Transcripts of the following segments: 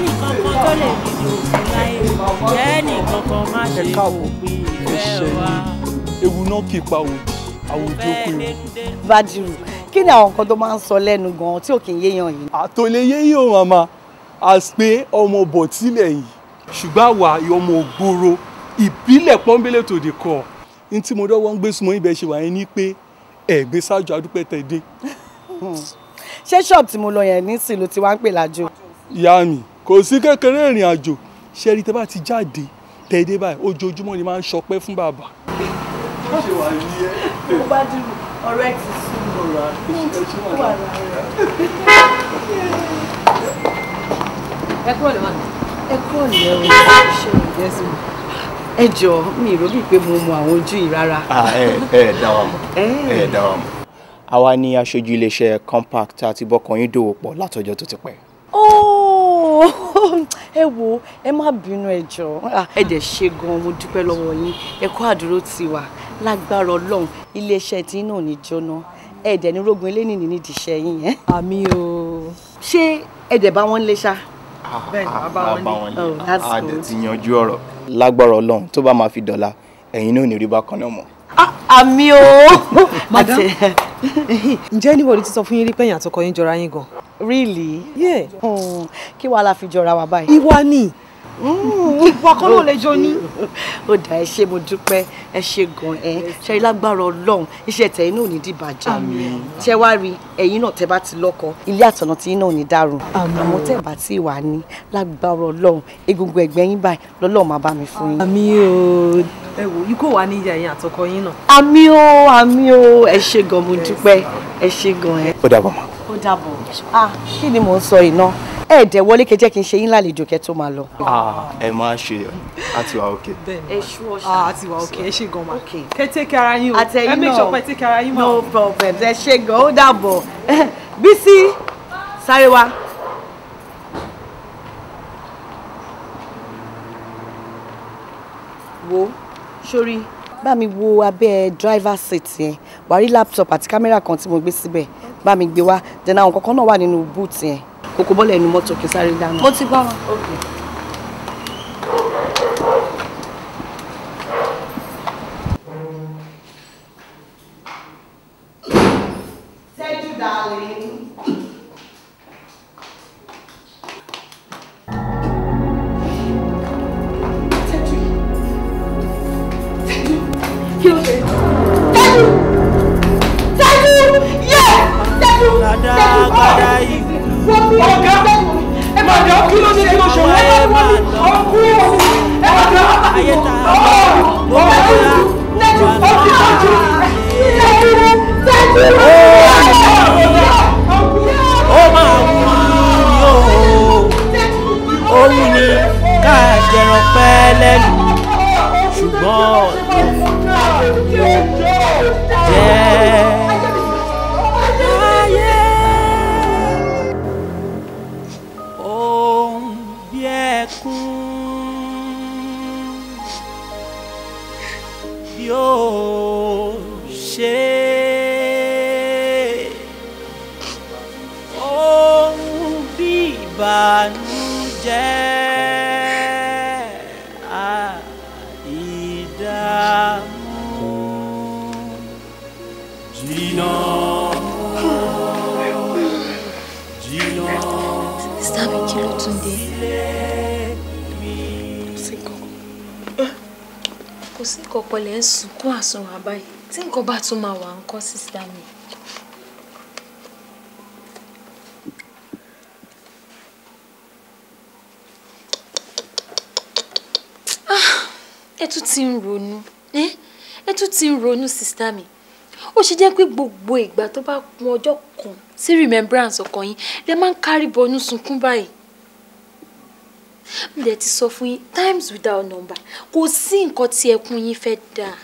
sẹ́ni kankan tó lè rí ní òfin láyé sẹ́ni kankan má ṣe òpin ìfẹ́ wa. ewu náà kì í pa òdì àwùjọ pé o. bájírù kí ni àwọn nǹkan tó máa ń sọ lẹ́nu gan-an tí ò kì í yéèyàn yìí. àtòléyé yóò màmá as pé ọmọ bọ̀ tilẹ̀ yìí ṣùgbọ́n àwa ọmọ ògbóró ìbílẹ̀ pọ́nbélé tòde kọ́ ní tí mo dọ́wọ́ ń gbé súnmọ́ ibẹ̀ ṣe wà yẹn ni pé ẹ̀gbẹ́ ṣáájú adúpẹ́ tẹ̀ dé. ṣé ṣọ́ọ̀bù tí mo lọ yẹn nísìn ló ti wá ń pè lájò. ìyá mi kò sí kékeré ìrìn àjò ṣe rí tẹ bá ti jáde tẹ̀dé báyìí ojoojúmọ́ ni máa ń ṣọpẹ́ fún bàbá. ó ṣe wà ní ẹ. ó bá dúró ọ̀rọ̀ ẹ ti sùn. ọ̀rọ̀ àti ṣe wà lára ẹ kúrò lẹ́wọ̀n. ẹ kúrò lẹ́wọ̀n ṣe ìjẹ́sùn ẹ jọ mi ìró bíi pé mo mọ àwọn ojú yìí rárá. ẹ ẹ dá wa mọ̀ ẹ dá wa mọ̀. àwa ni aṣojú iléeṣẹ́ compact àti bọ́kàn yín dòwò pọ̀ látọjọ́ tó ti pẹ́. óò ẹ wo ẹ má bínú ẹ jọ̀ọ́. Ah, ẹ dẹ̀ ṣe gan-an mo dúpẹ́ lọ́wọ́ yín ẹ kú àdúró tì wá lágbára ọlọ́run iléeṣẹ́ tí náà ní jóná ẹ dẹ̀ ní rogun eléyìí ní nídìí iṣẹ́ yín yẹn. àmì o. ṣé ẹ dẹ̀ bá wọn lé ṣá. bẹ́ẹ̀ ni bá wọn lé àdẹ̀ oh, ti yanjú ọ̀rọ̀ lágbára ọlọ́run tó bá máa fi dọ̀la ẹ̀yin náà ò ní rí bákan náà mọ́. Ah, àmì o. madam ǹjẹ́ anybody ti sọ fún yín rí pẹ́yìn àtọkọ yín jọra yín gan really yeah hmm. kí wàá la fi jọra wa báyìí. ìwà ni ìwà kan náà lè jọ ní. ó dà ẹ ṣé mo dúpẹ́ ẹ ṣé gan ẹ ṣe lágbára Ọlọ́run iṣẹ́ tẹ̀yin náà ò ní dìbàjẹ́ ṣé wàá rí ẹ̀yin náà tẹ́ bá ti lọ́kọ ilé àtọ̀nà tí yín náà ò ní dàrú àmọ́ tẹ́ bá ti wà ní lágbára Ọlọ́run egungun ẹ̀gbẹ́ yín báyìí lọ́lọ́run máa bá mi fún yín. àmì o ẹ wò yìí kò wá ní ìyá yín àtọkọ yín náà. àmì o àmì o ẹ ṣé gan mo dúpẹ́ ẹ ṣé gan ẹ. ó dàbọ̀ mọ́ ó dàbọ̀. ah kí ni mò ń sọ iná ẹ dẹ̀ wọlé kẹjẹ kí n ṣe yín lálejò kẹ tó máa lọ. Ah, ẹ máa ṣe àti wà òkè. ẹ ṣú ọṣà àti ah, wà òkè ẹ ṣe gan ma kẹ tẹkẹ ara yín o ẹ make sure ara yín ma. no problem ẹ ṣe gan ó dàbọ̀ Bísí sáré wa. wo sórí bá mi wo abẹ́ driver seat yẹn wà á rí laptop àti kámẹ́rà kan tí mo gbé síbẹ̀ bá mi gbé wá then àwọn kankan náà wà nínú boot yẹn kòkó bọ́lẹ̀ ẹnu mọ́tò kí sáré dáná. mo ti gbọ́ wọn. kọ́ sísá mi. ẹ tún ti ń ronú ẹ tún ti ń ronú sísá mi ó ṣe jẹ́ pé gbogbo ìgbà tó bá kun ọjọ́ kan sí remembrance ọkàn yín lè máa ń kárí bọnú sunkún báyìí mo dẹ̀ ti sọ fún yín times without number kò sí nǹkan tí ẹkún yín fẹ́ dáa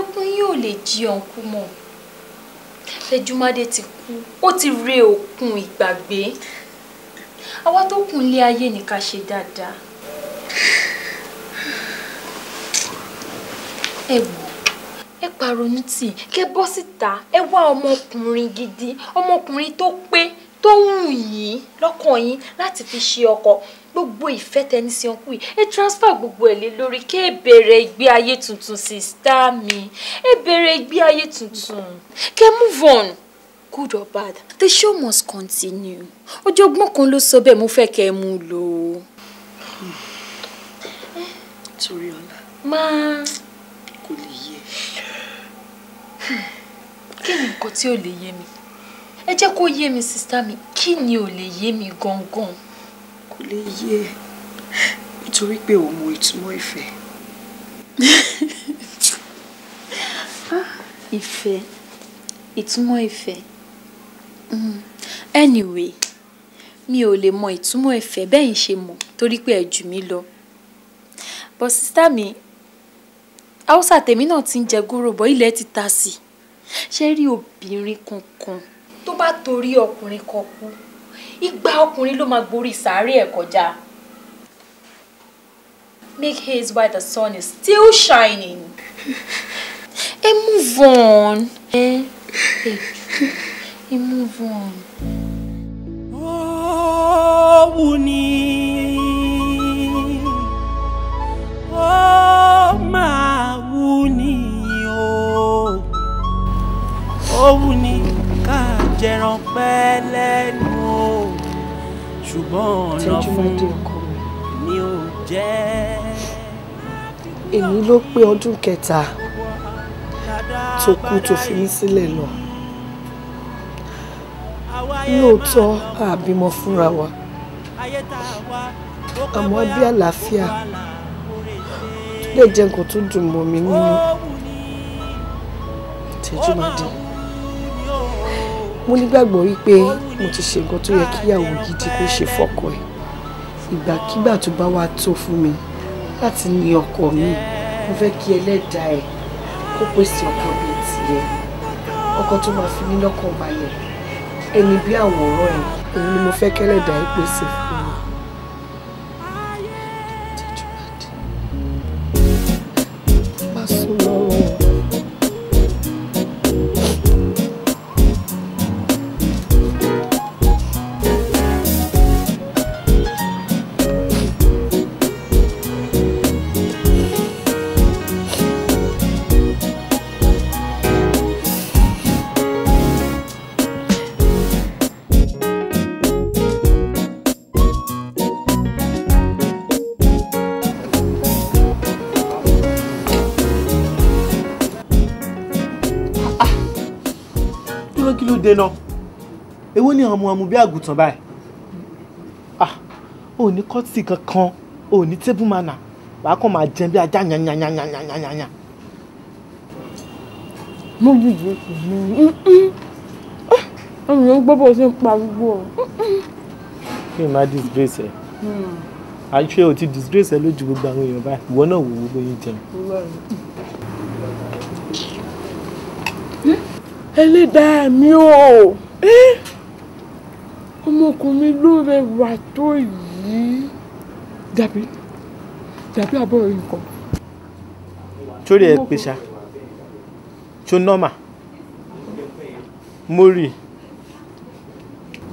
ẹkún yín ò lè jí ọ̀nkú mọ́ Fẹ́júmádé ti kú ó ti re òkun ìgbàgbé àwa tó kù nílé ayé ni ká ṣe dáadáa. ẹ wò ẹ pàrọ̀nù tì kẹ bọ́ síta ẹ wá ọmọkùnrin gidi ọmọkùnrin tó pé tó wù yín lọ́kàn yín láti fi ṣe ọkọ gbogbo ìfẹ́ tẹni sí ọkù yìí ẹ transfer gbogbo ẹ̀ lé lórí kí ẹ bẹ̀rẹ̀ ìgbé ayé tuntun sista mi ẹ bẹ̀rẹ̀ ìgbé ayé tuntun kẹ́ move on good or bad the show must continue ọ̀jọ̀gbọ́n kan ló sọ bẹ́ẹ̀ mo fẹ́ kẹ́ ẹ mú un lò ó. torí ọ̀la. máa. kò lè yé. kí ni nǹkan tí ò lè yé mi ẹ jẹ́ kó yé mi sista mi kí ni ò lè yé mi gangan kò lè yé ẹ e. nítorí pé ò mọ ìtumọ̀ ìfẹ́. Ah, ìfẹ́ ìtumọ̀ ìfẹ́ hmm. anyway mi ò lè mọ ìtumọ̀ ìfẹ́ bẹ́ẹ̀ ń ṣe mọ̀ torí pé ẹ jù mí lọ bọ́ sísá mi haúsá tèmi náà ti ń jẹ gúrò bọ́ ilẹ̀ ti ta sí i ṣé rí obìnrin kankan tó bá torí ọkùnrin kan kú igba ọkùnrin ló máa gborí sàárè ẹ̀ kọjá. Make haste while the sun is still shining. ẹ move on. ẹ ẹ ẹ move on. ó wù ní. ó máa wù ní o. ó wù ká jẹran pẹ́ lẹ́nu o ṣùgbọ́n ọ̀nà fún mi ò jẹ́. èyí ló pé ọdún kẹta tó kú tó fi mí sílẹ̀ lọ lóòótọ́ àbímọ fúnra wa àmọ́ bí àlàáfíà lè jẹ́ nǹkan tó dùn mọ́ mi nínú tẹ́jú máa dín mo nígbàgbọ́ wípé mo ti ṣe nǹkan tó yẹ kíyàwó gidi kó ṣe fọ́kọ ẹ̀ ìgbàkígbà tó bá wàá tó fún mi láti ní ọkọ mi mo fẹ́ kí ẹlẹ́dàá ẹ̀ kó pèsè ọkọ bíi tiẹ̀ ọkọ tó máa fi mí lọ́kàn balẹ̀ ẹni bí àwòrán ẹ̀ òun ni mo fẹ́ kẹ́lẹ́dàá ẹ̀ pèsè fún ṣe ná èwo ni àwọn ọmọ ọmọ bí àgùntàn báyìí ah ò ní kọ́tì kankan ò ní tébù mànà wàá kàn máa jẹun bí ajá yanyanyanyanyanyanya. mo bí ìwé kò ní ọmọ yẹn gbọ́ bó ṣe ń pariwo. kí n má disgrace ẹ hmm. àṣé o ti disgrace ẹ lójú gbogbo àwọn èèyàn báyìí ìwọ náà wò ó bóyá jẹun. ẹlẹ́dàá mi o eh? ọmọkùnrin ló rẹwà tó yìí dàbí dàbí àbúrò yìí kọ. torí ẹ pè ṣá tó nọ́mà mo rí.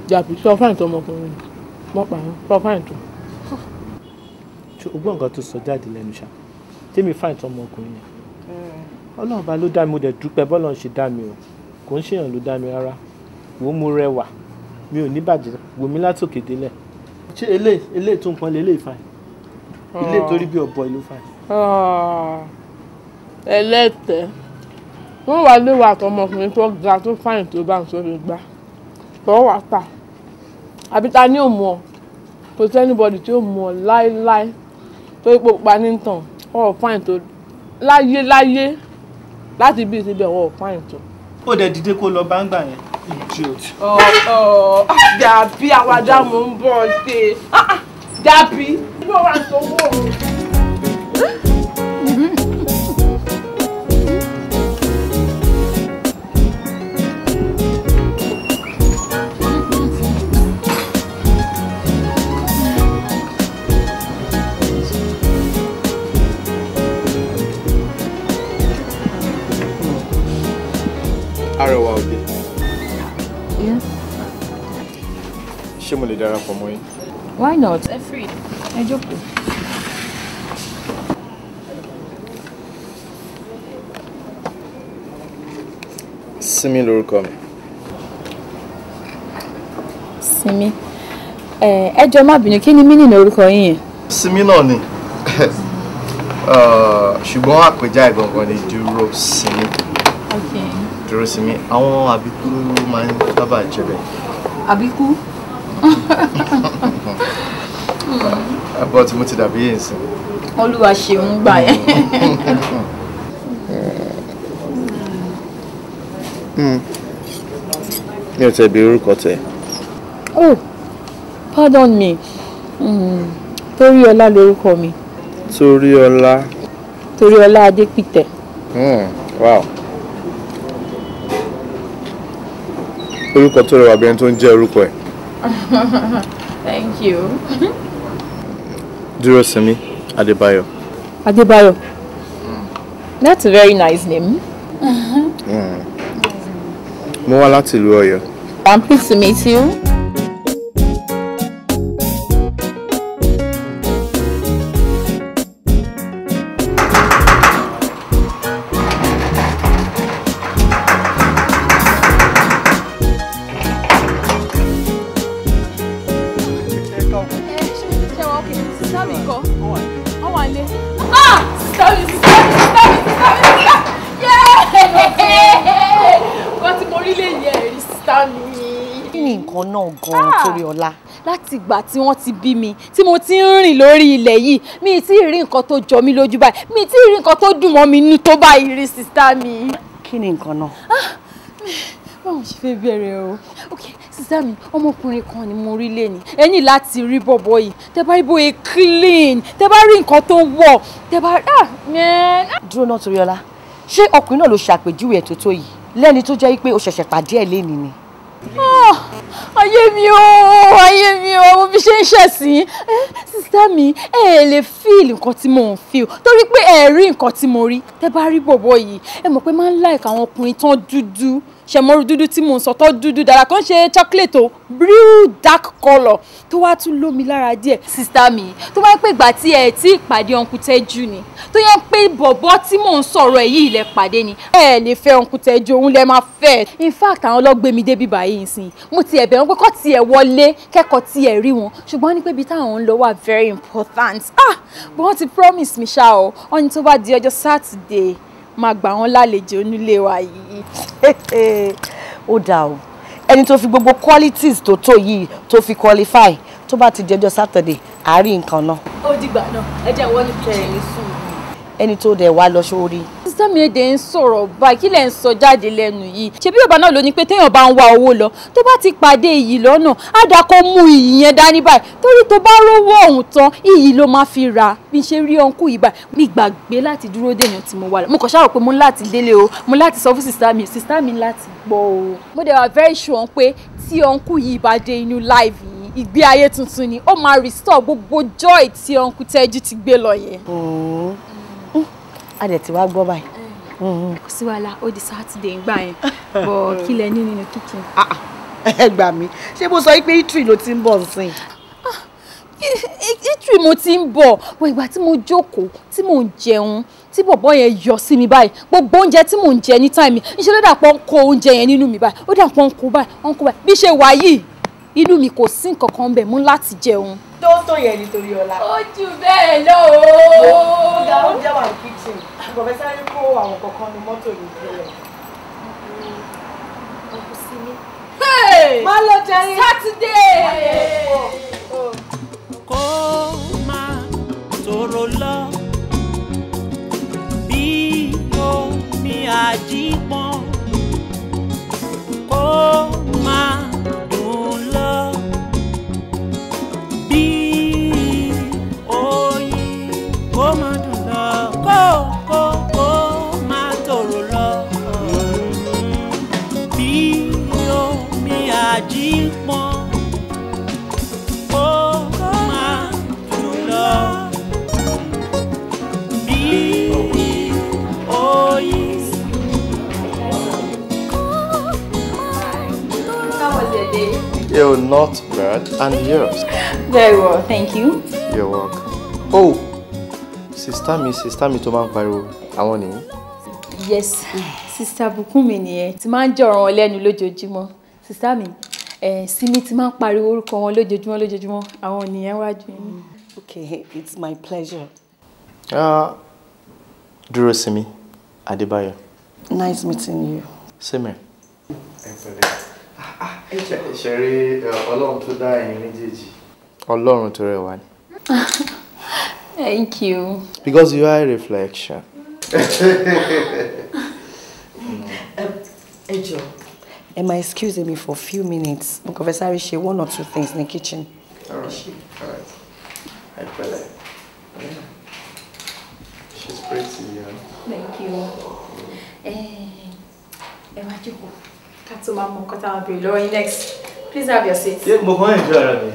dàbí sọ fáìn tó ọmọkùnrin mọ pààrọ̀ sọ fáìn tó. ṣùgbọ́n nǹkan tó sọ jáde lẹ́nu ṣá tèmi fáìn tó ọmọkùnrin yẹn hmm. ọlọ́run bá ló dá mi mo dẹ̀ dúpẹ́ bọ́lọ́run ṣe dá mi o kò ń ṣèyàn ló dá mi rárá wò ó mo rẹwà mi ò ní bàjẹ́ wò mí látòkè délẹ̀ ṣé ilé ilé tó ń pọn lé ilé ìfàyè ah. ilé torí bí ọ̀bọ ìlú fàyè. Ah. ẹlẹ́tẹ̀ wọ́n wá léwu àtọmọkùnrin tó ga tó fàyìn tó bá ń sọ̀rọ̀ gbà tó wà tà àbí ta ni ò mọ̀ kò sẹ́nibọ̀dì tí ò mọ̀ láéláé tó ipò pa ní tàn ọ̀ fàyìn tó láyé láyé láti bí ìsibẹ̀ ọ̀ fàyìn tó ó dẹ̀ dìde kó lọ báńgbà yẹn idiot. ọ̀ọ́ dàbí àwàdà mò ń bọ̀ ṣe ah, ah, dàbí. wọ́n wà sọ́wọ́ o. ṣé mo lè darapọ̀ mọ́ yín. why not ẹ free ẹ jókòó. Simi lorúkọ mi. Simi ẹ ẹ jọ̀ọ́ má bínú kí ni mínì ní orúkọ yín yẹn. Simi náà ni uh, ṣùgbọ́n àpèjá ìgangan ni dúró Simi dúró Simi àwọn àbíkú máa ń sábà jẹ bẹ́ẹ̀. àbíkú. but mo ti dàbí yẹn sí. olúwa ṣeun gbà yẹn. Hmm. mi ò tẹ orúkọ tẹ. oh pardon me hmm. Toríọlá lorúkọ mi. Toríọlá. Toríọlá Adépìtẹ̀. Hmm. wow. orúkọ tó rẹwà bí ẹni tó ń jẹ́ orúkọ ẹ̀. Thank you. Durosemi Adebayo. Adebayo. That's a very nice name. Mm. Mo wá láti ìlú Ọ̀yọ́. I'm pleased to meet you. láti ìgbà tí wọ́n ti bí mi tí mo ti ń rìn lórí ilẹ̀ yìí mi ì tí ì rí nǹkan tó jọ mí lójú báyìí mi ì rí nǹkan tó dùn mọ́ mi nú tó báyìí rí sísá mi. kí ni nǹkan náà. Ah, báwo ṣe fẹ́ bẹ̀rẹ̀ o ok sísá mi ọmọkùnrin kan ni mo rí lẹ́ni ẹ̀yìn láti rí bọ̀bọ̀ yìí tẹ bá rí bóyá clean tẹ bá rí nǹkan tó wọ̀ tẹ bá ah man. dúró náà torí ọlá ṣé ọkùnrin náà ló ṣàpèjúwe ẹ̀ tó tó yìí lẹ́ni tó jẹ́ pé ó ṣẹ̀ṣẹ̀ pàdé ẹ̀ lẹ́ni ni. Ah, ayé mi o ayé mi o mo fi ṣe ń ṣẹ̀sìn sísá mi ẹ ẹ lè fíìl nǹkan tí mò ń fíìl torí pé ẹ rí nǹkan tí mo rí tẹ bá rí bòbó yìí ẹ mọ̀ pé máa ń láìka àwọn ọkùnrin tán dúdú ṣẹ̀mọ́rú dúdú tí mò ń sọ tó dúdú dára kó ń ṣe chocolate o real dark colour tó wá tún lómi lára díẹ̀. sista mi tó wáá pé ìgbà tí ẹ ti ìpàdé ọ̀nkú tẹ́jú ni tó yẹ pé bọ̀bọ̀ tí mò ń sọ̀rọ̀ ẹ̀ yìí lẹ pàdé ni. ẹ lè fẹ́ ọ̀nkú tẹ́jú òun lẹ máa fẹ́. in fact àwọn ọlọ́gbẹ́ mi débi báyìí nsìn mo ti ẹ̀bẹ̀ wọn pé kọ́ tiẹ̀ wọlé kẹ́kọ̀ọ́ tiẹ̀ rí wọn ṣùgbọ́n ní pé ibi táwọn ń lọ wà very important ah but ti promise mi ṣá o wọ́n ní tó bá di ọjọ́ Saturday máa gbà wọ́n lálejò nílé wa yìí. ó dáa o ẹni tó fi gbogbo qualities tó tó yìí tó fi qualify tó bá ti di ọjọ́ Saturday àárín nǹkan náà. ó dìgbà náà ẹ jẹ́ wọ́n ní kẹrin ní sùúrù ẹni tó dẹ̀ wá lọ sórí. sísá mi èdè ń sọ̀rọ̀ báyìí kí lẹ̀ ń sọ jáde lẹ́nu yìí ṣebí yorùbá náà ló ní pé téèyàn bá ń wá owó lọ tó bá ti pàdé iyì lọ́nà àdàkọ mú iyì yẹn dání báyìí torí tó bá rówó ọ̀hún tán iyì ló máa fi rà bí ṣe rí ọ̀nkú yìí báyìí mi gbàgbé láti dúró dèèyàn tí mo wà mo kàn ṣàrò pé mo láti délé o mo láti sọ fún sísá mi sísá láti gbọ́ o mo dẹ̀ wà very sure pé tí ọ̀nkú yìí bá dé inú live yìí ìgbé ayé tuntun ni ó máa restore gbogbo joy tí ọ̀nkú tẹ́jú ti gbé lọ yẹn a dẹ̀ ti wá gbọ́ báyìí. Eh, mm-hmm. kò sí wàhálà ó di sátidé ńgbà yẹn bọ̀ kí lẹ ní nínú kíkìn. Ah, ah. ẹ gbà mí ṣé mo sọ pé itri ló ti ń bọ̀ nsìn. Ah, itri mo ti ń bọ̀ wọ ìgbà tí mo jókòó tí mò ń jẹun tí bọ̀bọ̀ yẹn yọ sí mi báyìí gbogbo oúnjẹ tí mò ń jẹ ní táìmì ńṣe ló dà pọ̀ ń kó oúnjẹ yẹn nínú mi báyìí ó dà pọ̀ ń kó báyìí ń kó báyìí bí ṣe wà inú mi kò sí nǹkan kan bẹ̀ mú láti jẹun. tó tó yẹ nítorí ọlá. ó jù bẹ́ẹ̀ lọ. ó dá ó jẹ́ wà ní kitchen pọ̀fẹ́sà rí kó àwọn kankan ní mọ́tò yìí lọ́wọ́. má lọ jẹun. sátidé. kó máa tòrò lọ bí omi àjípọn kó máa. They not bad and yours. Very well, thank you. You're welcome. Oh, sister me, sister me, to máa ń pariwo, àwọn nìyí. Yes, sister Bùkúnmi nìyẹn, ti máa ń jẹ́ ọ̀ràn wọn lẹ́nu lójoojúmọ́. Sister mi, eh, Simi ti máa ń pariwo orúkọ wọn lójoojúmọ́ lójoojúmọ́, àwọn nìyẹn wájú mm, Okay, it's my pleasure. Uh, Dúró Simi, Adébáyọ̀. Nice meeting you. Simi. Excellent. Ah, ṣeré ọlọ́run tó dá ẹ̀yin méjèèjì. ọlọ́run tó rẹwà ni. thank you. because you are a reflection. Um, ẹ jọ̀ọ́ ẹ máa excuse me for a few minutes mo kàn fẹ́ sáré ṣe one or two things ní kitchen. all right all right ẹ pẹ̀lẹ́. Yeah. She's pretty, yeah. Thank you. Eh, ẹ wá jókòó ká tó máa mọ nǹkan next please have your seat. ṣé mo kàn ń jọ ara mi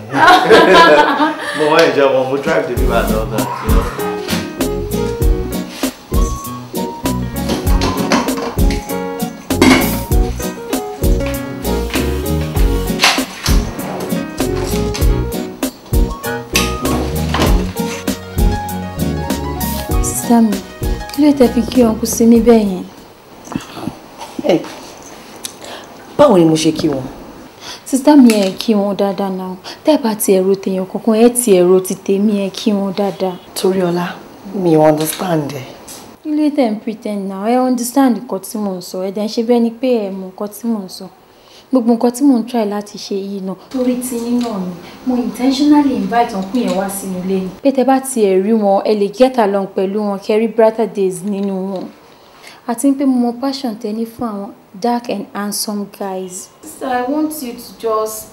mo kàn ń jọ ọmọ mo drive débi bá a lọ náà. sísá mi kí ló tẹ fi kí ọkùnrin sí báwo ni mo ṣe kí wọn. sísá mi ẹ kí wọn dáadáa náà tẹ́ ẹ bá ti ẹ̀rọ tèèyàn kankan ẹ ti ẹ̀rọ ti tèmi ẹ kí wọn dáadáa. Toríọlá mi ò understand ẹ. ilé tẹ̀ ń pretend now ẹ understand nǹkan tí mò ń sọ ẹ̀ dẹ̀ ń ṣe bẹ́ẹ̀ ni pé ẹ mọ nǹkan tí mò ń sọ gbogbo nǹkan tí mò ń try láti ṣe yìí náà. torí ti yín náà mo intentionally invite ọkùnrin yẹn wá sínú ilé ni. pé tẹ́ bá tiẹ̀ rí wọn ẹ lè get along pẹ̀lú wọn kẹrí brighter days nínú wọn àti pé mo mọ passion tẹ ní fún àwọn dark and handsome guys. Sister, I want you to just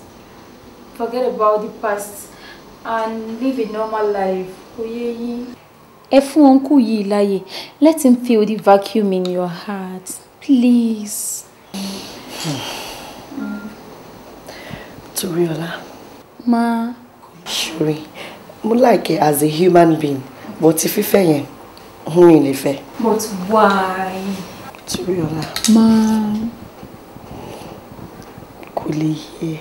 forget about the past and live a normal life oye yín. ẹ fún ọ̀nkù yìí láàyè let him fill the vacuum in your heart please. Toriola. Ma. Sure, mo like as a human being, but ti fífẹ́ yẹn mi lè fẹ́. but why. torí ọ̀la. máa. kò lè yé.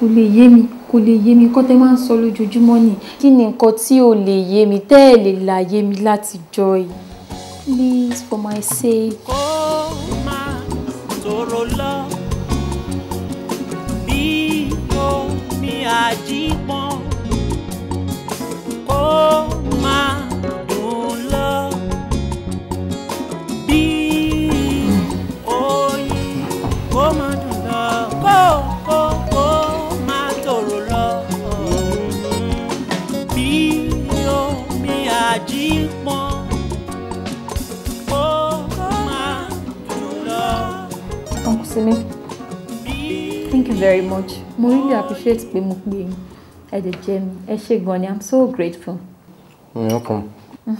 kò lè yé mi kò lè yé mi kọ́ tẹ́ máa ń sọ lójoojúmọ́ ni kí ni nǹkan tí ò lè yé mi tẹ́ ẹ̀ lè là yé mi láti jọ yìí please for my sake. kó máa tòrò lọ bí omi àjípọn kó. yìí omi àjípọn ó thank you very much. Mo really appreciate pé mo pè yín. Ẹ dẹ̀ jẹ́ mi, ẹ ṣé gan ni, I'm so grateful. You're welcome.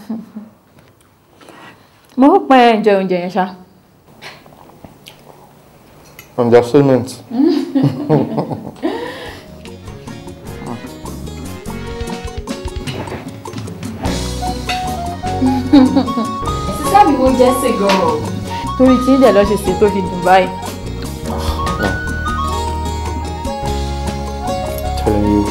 Mo hope pé ẹ enjoy oúnjẹ yẹn ṣá. Understatement. sísá mi mo jẹ́ sè gan-an. torí tí ìdẹ̀ lọ ṣe ṣe tó fi dùn báyìí. telling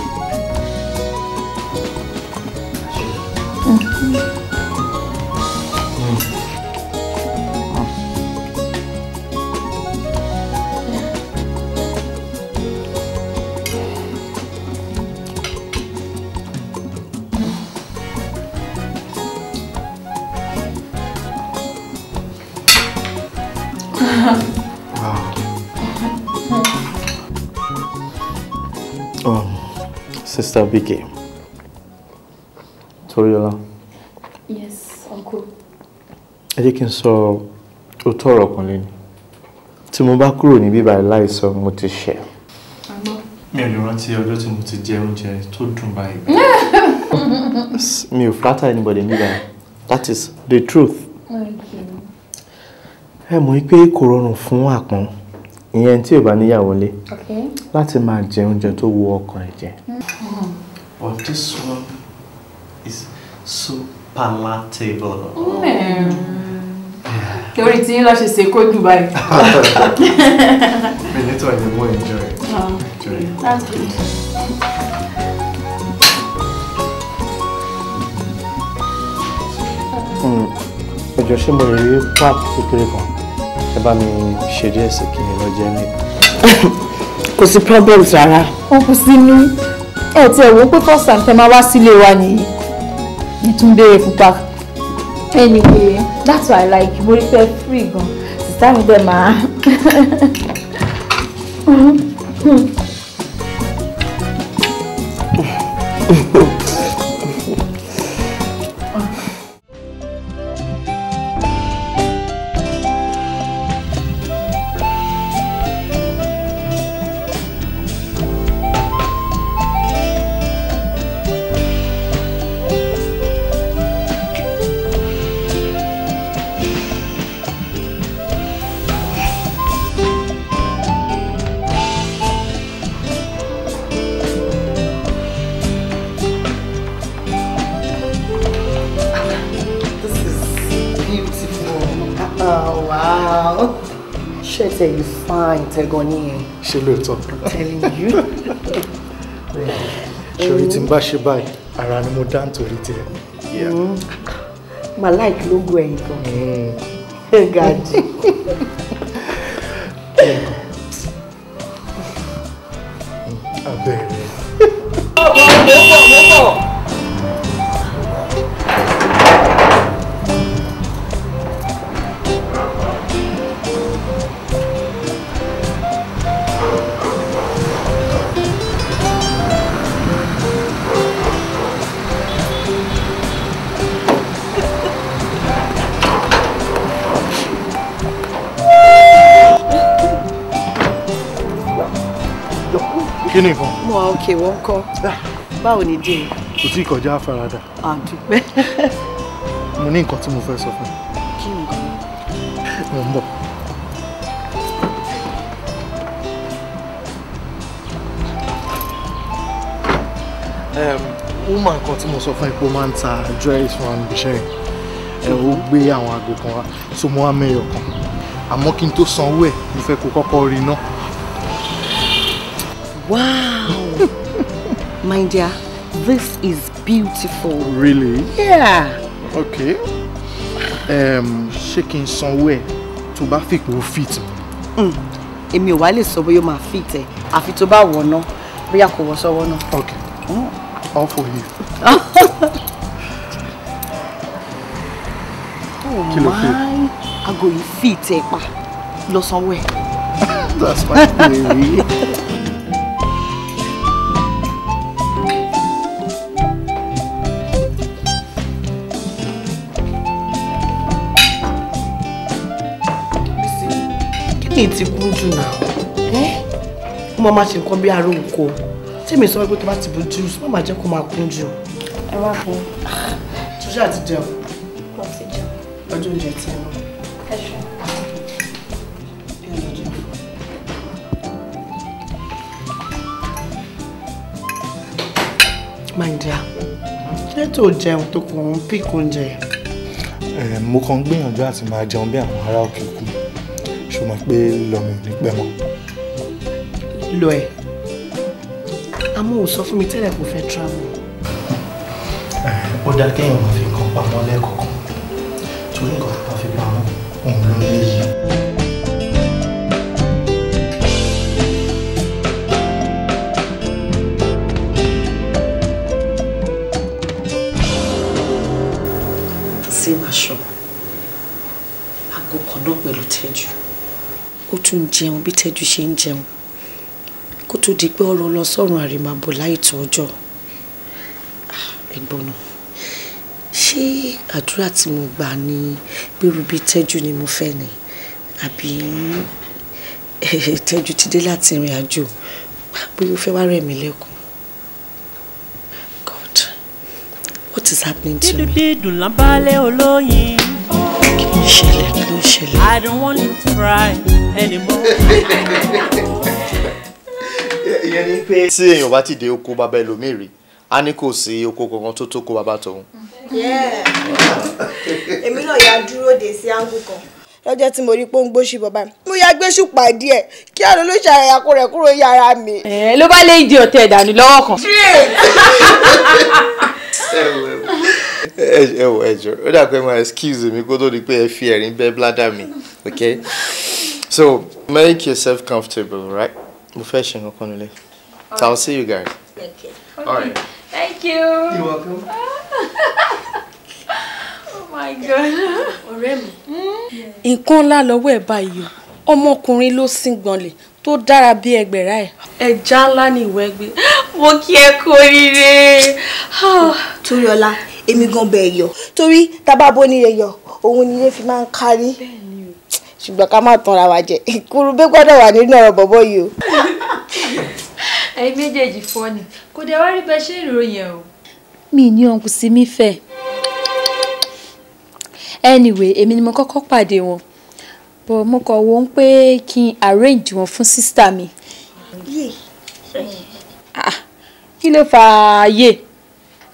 Mr. Bike. Toriola. Yes, uncle. Ẹ jẹ́ kí n sọ òótọ́ ọ̀rọ̀ kan lẹ́nu. Tí mo bá kúrò níbí báyìí láìsọ, mo ti ṣẹ̀. Mi ò lè rántí ọjọ́ tí mo ti jẹ oúnjẹ tó dùn báyìí. Mi ò flatter anybody níbà. That is the truth. Ẹ mọ̀ pé kò rọrùn fún àpọ́n ìyẹn tí ò bá níyàwó lé láti máa jẹ oúnjẹ tó wù ọkàn ẹ̀ hmm. but this one is so palatable. Hmm. torí tí yín lọ ṣe ṣe kó jù báyìí. mi nítorí ni mo enjoy. Oh, That's good. Hmm. ọjọ́ ṣé mo lè rí pap kékeré kan bá mi ṣe díẹ̀ sí kí ni lọ́jẹ́ mi. kò sí problems rárá. ó kù sí ní ẹ tí ẹ wò ó pé first time tẹ máa wá sílé wa nìyí ní tún pupa. anyway that's why i like mo rí pé free gan sísá mi dẹ̀ máa. Mm-hmm. fẹ́ gan ni lóòótọ́. I'm telling you. ṣòrí tí n bá ṣe báyìí ara ni mo dá nítorí tiẹ̀. màláìkì mm. ló gun ẹ̀yìn kan. Mm. gàdí. ṣe wọ́n kọ́ báwo ni díẹ̀. kò tí ì kọjá àfaradà. àdúpẹ́. mo ní nǹkan tí mo fẹ́ sọ fún ẹ. kí nǹkan. mo ń bọ̀. ó mà nǹkan tí mo sọ fún ẹ pé ó máa ń ta jewelries fún àwọn yẹn ó gbé àwọn aago kan wá tó mú wá mẹ́yọ̀ kan àmọ́ kí n tó sanwó ẹ̀ mo fẹ́ kó kọ́kọ́ rí iná. wow My dear, this is beautiful. Really? Yeah. Okay. Um, shaking kí n sanwó ẹ̀ tó bá fìpò fit mi. Hmm. Èmi ò wá lè sọ bóyá ó máa fit ẹ̀ àfi tó bá wọ̀ náà bóyá kò wọ̀ sọ́wọ́ náà. Okay. Mm. All for you. oh my, ago yìí fit eh, pa lọ sanwó ẹ̀. That's my baby. kì í ti kú jù náà ó máa ma ṣe nǹkan bí aró oko tèmi sọ pé tó bá ti bu juice má máa jẹ́ kó máa kún jù. ẹ wá fún un. ṣíṣe àti jẹun. mo ti jẹun. ọjọ́ oúnjẹ ti ẹ̀ ẹ ṣe. my dear ṣé tó jẹun tó kàn ń pík oúnjẹ. mo kàn ń gbìyànjú àti máa jẹun bí àwọn ará òkè kù pé lọ́mi ò ní pẹ́ mọ́. lọ ẹ àmọ́ ò sọ fún mi tẹ́lẹ̀ kò fẹ́ travel. ó dáa kéèyàn máa fi nǹkan pamọ́ lẹ́ẹ̀kọ̀ọ̀kan torí nǹkan tẹ́jú ń jẹun bí tẹ́jú ṣe ń jẹun kó tó di pé ọ̀rọ̀ lọ sọ́run àrèmabọ̀ láìtọ́ ọjọ́ ah, ẹ̀gbọ́n náà ṣé àdúrà tí mo gbà ní bírú bí tẹ́jú ni mo fẹ́ ni àbí tẹ́jú ti dé láti ìrìn àjò bóyá o fẹ́ wá rẹ̀ mí lẹ́kùn. God what is happening to me. dídùn dídùn lábálẹ̀ olóyin ṣẹlẹ̀ ló ṣẹlẹ̀. I don't want to cry anymore. ìyẹn ni pé. tí èèyàn bá ti dé oko bàbá ẹlòmíì rí a ní kò sí oko kankan tó tó kó bàbá tòun. èmi náà yà dúró de sí áńgù kan lọ́jọ́ tí mo rí pé ó ń gbóṣì bàbá mi mo ya gbéṣù pàdé ẹ̀ kí àná ló ṣàrẹ̀ àkó rẹ̀ kúrò yàrá mi. ẹ eh, ló bá lè jẹ ọ̀tẹ̀ ẹ̀dànù lọ́wọ́ kan. ẹ wọ ẹ jọ ó dà pé máa excuse mi kó tó di pé ẹ fi ẹ̀rín bẹ́ bládà mi okay so make yourself comfortable right mo fẹ́ ṣe nǹkan kan nílé so i'll see you guys. Okay. All right. Thank you. You're welcome. oh my God. ọ̀rẹ́ mi. Hmm? nǹkan ńlá lọ́wọ́ ẹ̀ báyìí ọmọkùnrin ló sìn gbọ̀nlẹ̀ tó dára bí ẹgbẹ̀rá ẹ̀. ẹja ńlá ni ìwọ ẹgbẹ́ mo kí ẹ kú oríire. torí ọlá èmi gan bẹ́ẹ̀ yọ torí tábàbọ̀ ni yẹ òun ni ilé fi máa ń kárí ṣùgbọ́n ká má tanra wa jẹ ìkurubé gbọ́dọ̀ wà nínú ọ̀rọ̀ bọ̀bọ̀ yìí o. ẹ̀yin méjèèjì fọ́ ni kò dé wá rí bẹ́ẹ̀ ṣe ìròyìn o. mi ní ọ̀nkùsí mi fẹ́ anyway èmi ni mo kọ́kọ́ pàdé wọn bọ̀ mo kàn wọ́n pé kí n arrange wọn fún sísítà mi. Ah, ah. kí ló fà á yé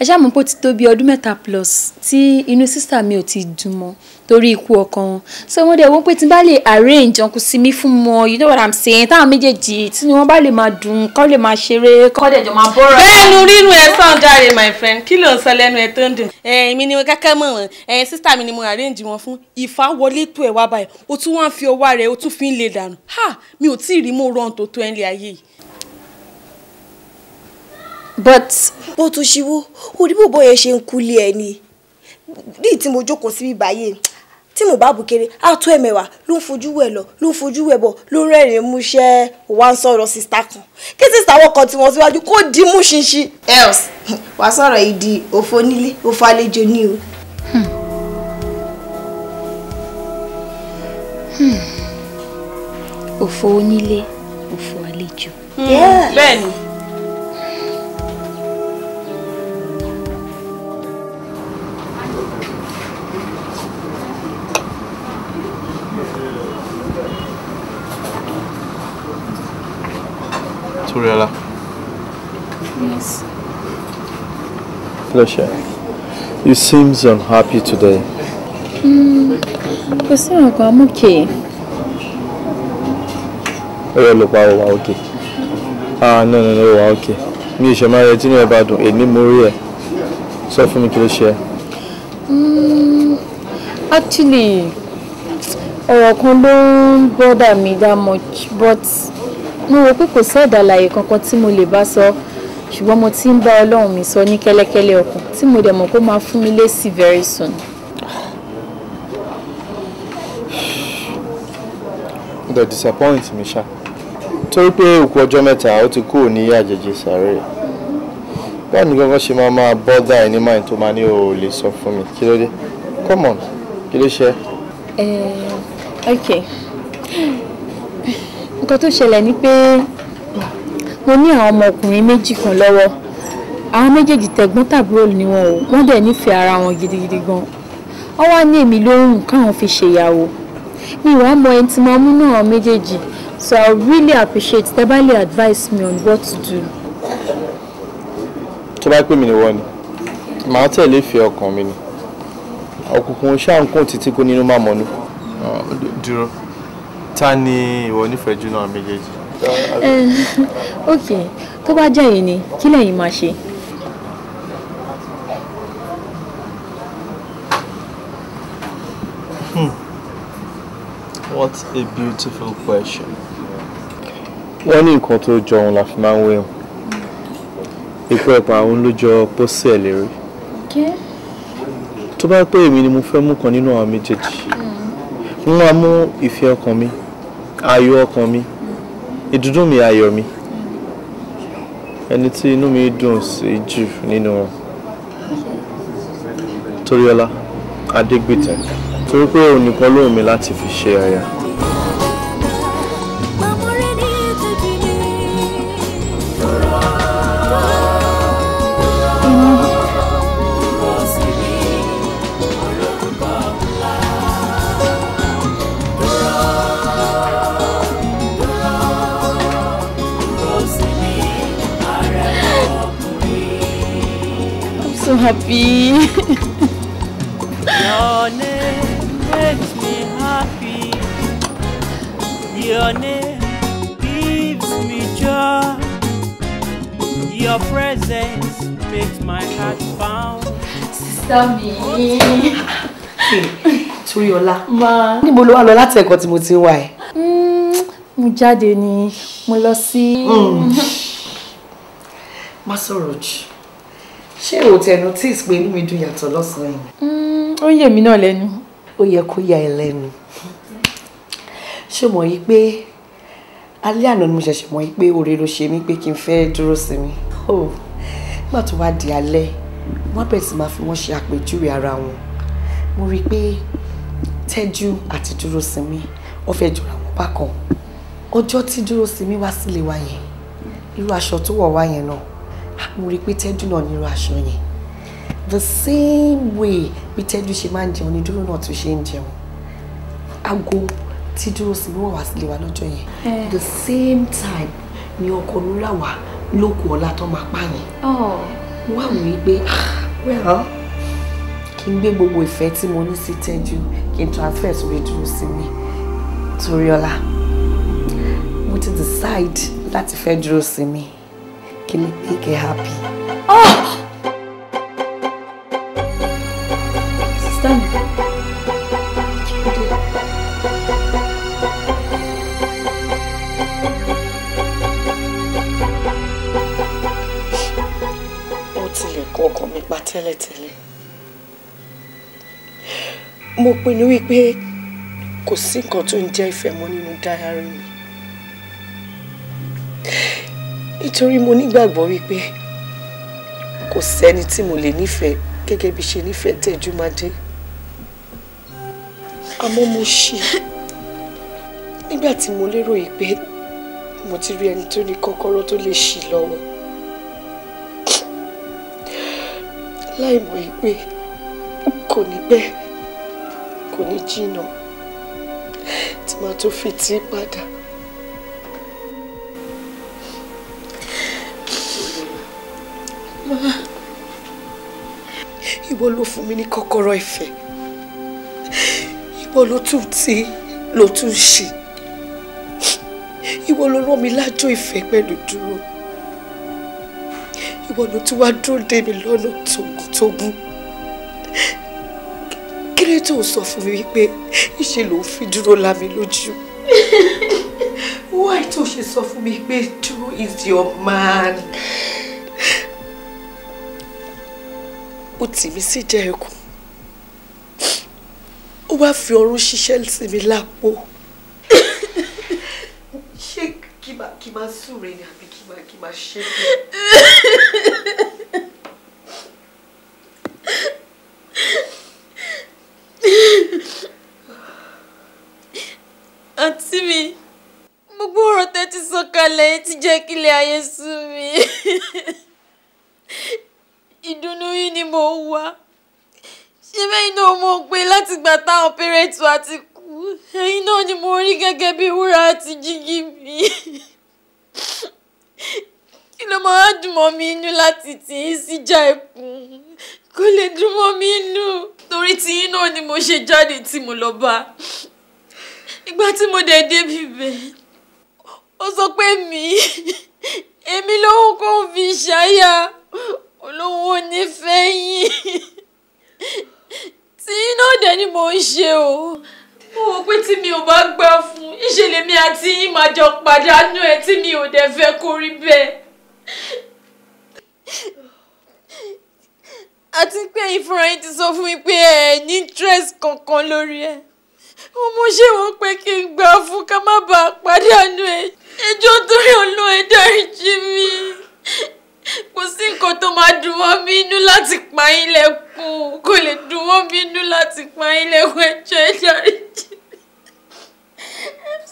ẹ ṣáà mọ̀ pé ó ti tó bí ọdún mẹ́ta plus tí inú sísà mi ò ti dùn mọ́ torí ikú ọkọ wọn so wọ́n dẹ̀ wọ́n pé tí n bá lè arrange ọkùn sí mi fún wọn you know what i'm saying táwọn méjèèjì tí wọ́n bá lè máa dùn kọ́ lè máa ṣeré kọ́ dẹ̀ jọ máa bọ́ra. bẹ́ẹ̀nu rírun ẹ sàn jáde my friend kí ló ń sọ lẹ́nu ẹ tó ń dùn. ẹ̀yin mi ni mo kẹ́kẹ́ mọ̀ wọ́n ẹ̀yin sísá mi ni mo arrange wọn fún ìfà wọlé tó ẹ̀ wá báyìí o tún wá fi ọwọ́ rẹ̀ o tún fi ń le dànù ha mi ò tí ì rí mo rọrùn but. bó tún ṣíwó orí bòbó yẹn ṣe ń kulé ẹni ní tí mo jókòó síbí báyìí tí mo bá bùkéré á tó ẹ̀mẹ̀wà ló ń fojú wẹ̀ lọ ló ń fojú wẹ̀ bọ̀ ló ń rẹ́rìn-ín músẹ́ wà ń sọ̀rọ̀ sista kan kí sista wọn kan tí wọ́n síwájú kó di mú ṣinṣin. else wàá sọ̀rọ̀ yìí di òfò nílé òfò àlejò ní o. Hmm. Hmm. òfò onílé òfò àlejò. bẹ́ẹ̀ ni. Kurela. Yes. Pleasure. You seem unhappy today. Mm, because I'm okay. Ọ̀rẹ́ ló pa ọ̀wà òkè. Ah no no no ọ̀wà òkè. Mi ò ṣe máa retí ní Ìbàdàn, èmi mo rí ẹ̀. Sọ fún mi kí ló ṣe mm, Actually, ọ̀rọ̀ kan ló ń bọ́dà that much but mo rò pé kò sí ẹ̀dàlàyé kankan tí mo lè bá sọ ṣùgbọ́n mo ti ń bá ọlọ́run mi sọ ní kẹ́lẹ́kẹ́lẹ́ ọkàn tí mo dẹ̀ mọ̀ kó máa fún mi lésì very soon. ó dẹ̀ disappoint mi ṣá torí pé òkú ọjọ́ mẹ́ta ó ti kúrò ní àjèjì sàárè báwo ni gangan ṣe máa máa bọ́dà ẹ̀ ní máa tó máa ní o lè sọ fún mi kí ló dé come on kí ló ṣe. ẹ ẹ eh, okay nǹkan tó ṣẹlẹ̀ ni pé mo ní àwọn ọmọkùnrin méjì kan lọ́wọ́ àwọn méjèèjì tẹ̀gbọ́n tàbúrò ni wọn o wọ́n dẹ̀ nífẹ̀ẹ́ ara wọn gidigidi gan wọ́n wá ní èmi lóhùn káwọn fi ṣèyàwó mi ìwà mọ ẹni tí mo mú náà méjèèjì so I really appreciate tẹ́ bá lè advise me on what to do. tó bá pè mí ni wọ́n ni màá tẹ̀lé ìfẹ́ ọkàn mi ni ọkùnkùn ṣáà ń kún títí kó nínú má dúró ta ni ìwọ nífẹ̀ẹ́ náà méjèèjì. Eh, ok tó bá jẹ́ yìí ni kí lẹ́yìn máa ṣe. Hmm. What a beautiful question. wọ́n ní nǹkan tó jọ òun la fi máa ń wéhùn ikú ẹ̀pà òun ló jọ pósí ẹ̀ lérí. tó bá pé èmi ni mo fẹ́ mú kan nínú àwọn méjèèjì n hmm. wa mú ìfẹ́ ọkàn mi ayọ̀ ọkàn mi ìdùnnú mi ayọ̀ mi ẹni tí inú mi dùn sí jù nínú wọn Toriola Adégbìtẹ́ torí pé òun nìkan lóhùn mi láti fi ṣe aya. happy. Your name makes me happy. Your name gives me joy. Your presence makes my heart bound. Sister mi. Toriola. Ma. Níbo ló wà lọ láti ẹ̀kọ́ tí mo ti ń wá ẹ̀? Hmm, mo jáde ni mo lọ sí. Hmm. Má sọ̀rọ̀ ṣé o tẹ notice pé inú mi dùn yàtọ̀ lọ́sàn-án yìí. Mm, ó yẹ mí náà lẹ́nu. ó yẹ kó yà ẹ́ lẹ́nu ṣé mọ̀ yìí pé alẹ́ àná ni mo ṣẹ̀ṣẹ̀ mọ̀ yìí pé oore ló ṣe mí pé kí n fẹ́ dúró sí mi nígbà tó wá di alẹ́ wọ́n bẹ̀rẹ̀ sí máa fi wọ́n ṣe àpèjúwe ara wọn mo rí i pé tẹ́jú àti dúró sí mi wọ́n fẹ́ jọra wọn bákan ọjọ́ tí dúró sí mi wá sílé wa yẹn irú aṣọ tó wọ̀ wá yẹn náà mo rí i pé tẹ́jú náà nírú aṣọ yẹn the same way bí tẹ́jú ṣe máa ń jẹun ni dúró náà tún ṣe ń jẹun aago tí dúró sí bí wọ́n wá sílé wa lọ́jọ́ yẹn eh. the same time ni ọkọ olúláwà lóko ọ̀la tó máa pààyàn oh. wá wò ó pé ah, well kí n gbé gbogbo ìfẹ́ tí mo ní sí tẹ́jú kí n transfer sórí dúró sí mi torí ọlá mo ti decide láti fẹ́ dúró sí mi can make her happy. Oh! Sister, what you do? Ó tilẹ̀ kọ́ ọkàn mi pa tẹ́lẹ̀tẹ́lẹ̀. Mo pinnu wípé kò sí nǹkan tó ń jẹ́ ìfẹ́ mọ́ nínú dáyárí mi. nítorí mo nígbàgbọ́ wípé kò sẹ́ni tí mo lè nífẹ̀ẹ́ gẹ́gẹ́ bí ṣe nífẹ̀ẹ́ Tẹ̀júmádé àmọ́ mo ṣì nígbà tí mo lérò yìí pé mo ti rí ẹni tó ní kọ́kọ́rọ́ tó lè ṣì lọ́wọ́ láì mọ̀ yìí pé kò ní bẹ́ẹ̀ kò ní jìnnà tí màá tó fi tì padà. ìwọ ló fún mi ní kọ́kọ́rọ́ ìfẹ́. Ìwọ ló tún ti ló tún ṣe. Ìwọ ló rán mi lájò ìfẹ́ pẹ̀lú dúró. Ìwọ ló tún wá dúró dè mí lọ́nà tógúntógún. Kí ló tó sọ fún mi wípé ìṣe ló fi dúró lá mi lójú? Why tó ṣe sọ fún mi pé dúró is your man? ó tì mí sí ìjà ẹkùn ó wá fi ọrún ṣiṣẹ́ sí mi lápò. ṣé kí máa kí máa súre ni àbí kí máa kí máa ṣe é. àǹtí mi gbogbo ọ̀rọ̀ tẹ́ sọ kalẹ̀ ti jẹ́ kílẹ̀ ayé sú mi ìdùnnú yìí ni mò ń wá ṣé bẹ́ẹ̀ náà mo pé láti gbà táwọn pẹ́rẹ́ǹtì wa ti kú ẹ̀yin náà ni mo rí gẹ́gẹ́ bí wúrà àti jígí mi kí ló máa dùn mọ́ mi inú láti tì í síjà ẹ̀kún kó lè dùn mọ́ mi inú torí tìyín náà ni mo ṣe jáde tí mo lọ bá ìgbà tí mo dẹ̀ débi bẹ́ẹ̀ ó sọ pé mi èmi lòun kò fi ṣáyà olówó nífẹ̀ẹ́yìn tí iná dẹ̀ ni mò ń ṣe o mo pé tí mi ò bá gbà fún ìṣẹ̀lẹ̀ mi àti yín máa jọ pàdánù ẹ̀ tí mi ò dẹ̀ fẹ́ kó rí bẹ́ẹ̀. àti pé ìfúnra yín ti sọ fún mi pé ẹ ní interest kankan lórí ẹ ọmọ ṣé wọn pé kí n gbà fún ká má bàa pàdánù ẹ ẹjọ́ torí Ọlọ́run ẹ dáríjì mi kò sí nǹkan tó máa dùnwọ́ mi inú láti pa yín lẹ́kùn kò lè dùnwọ́ mi inú láti pa yín lẹ́kùn ẹjọ́ ẹjọ́ ẹjọ́ I'm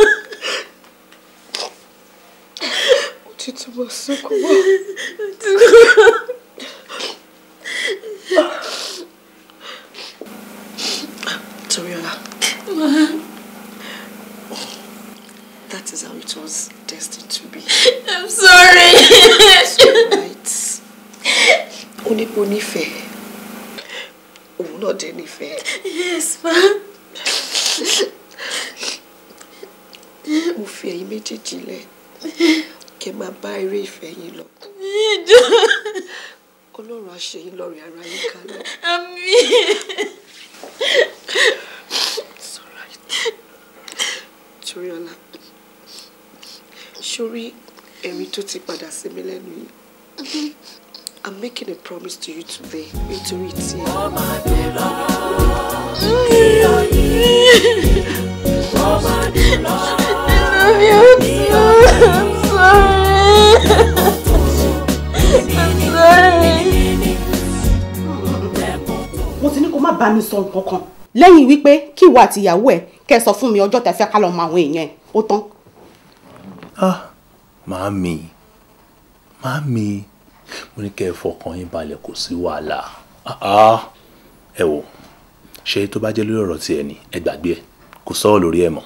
sorry. Tsukuba. Toriola. That is how it was destined to be. I'm sorry. It's alright. Onípo nífẹ̀ẹ́. Òun náà dé Yes, ma. Mo fi ẹ̀yin méjèèjì lẹ̀ kẹ́ máa bá eré ìfẹ́ yín lọ. ọlọ́run á ṣe yín lọ́rẹ̀ ara yín kalẹ̀. àmín. it's all right. Toriola sórí ẹ̀rín tó ti padà sí mi lẹ́nu yìí. I'm making a promise to you today. Nítorí tí ẹ. Ó máa dé lọ́wọ́ kí ọyìn. Ó máa dé lọ́wọ́ kí ọyìn. má bá mi sọ nǹkan kan lẹ́yìn wípé kí ìwọ àti ìyàwó ẹ kẹ́ ẹ sọ fún mi ọjọ́ tẹ́ fẹ́ ká lọ mọ àwọn èèyàn ẹ ó tán. ah màámi màámi mo ní kẹ́ ẹ fọkàn yín balẹ̀ kò sí wàhálà ah, ah, ẹ wò ṣe tó bá jẹ́ lórí ọ̀rọ̀ tiẹ̀ ni ẹ gbàgbé ẹ kò sọ̀rọ̀ lórí ẹ̀ mọ́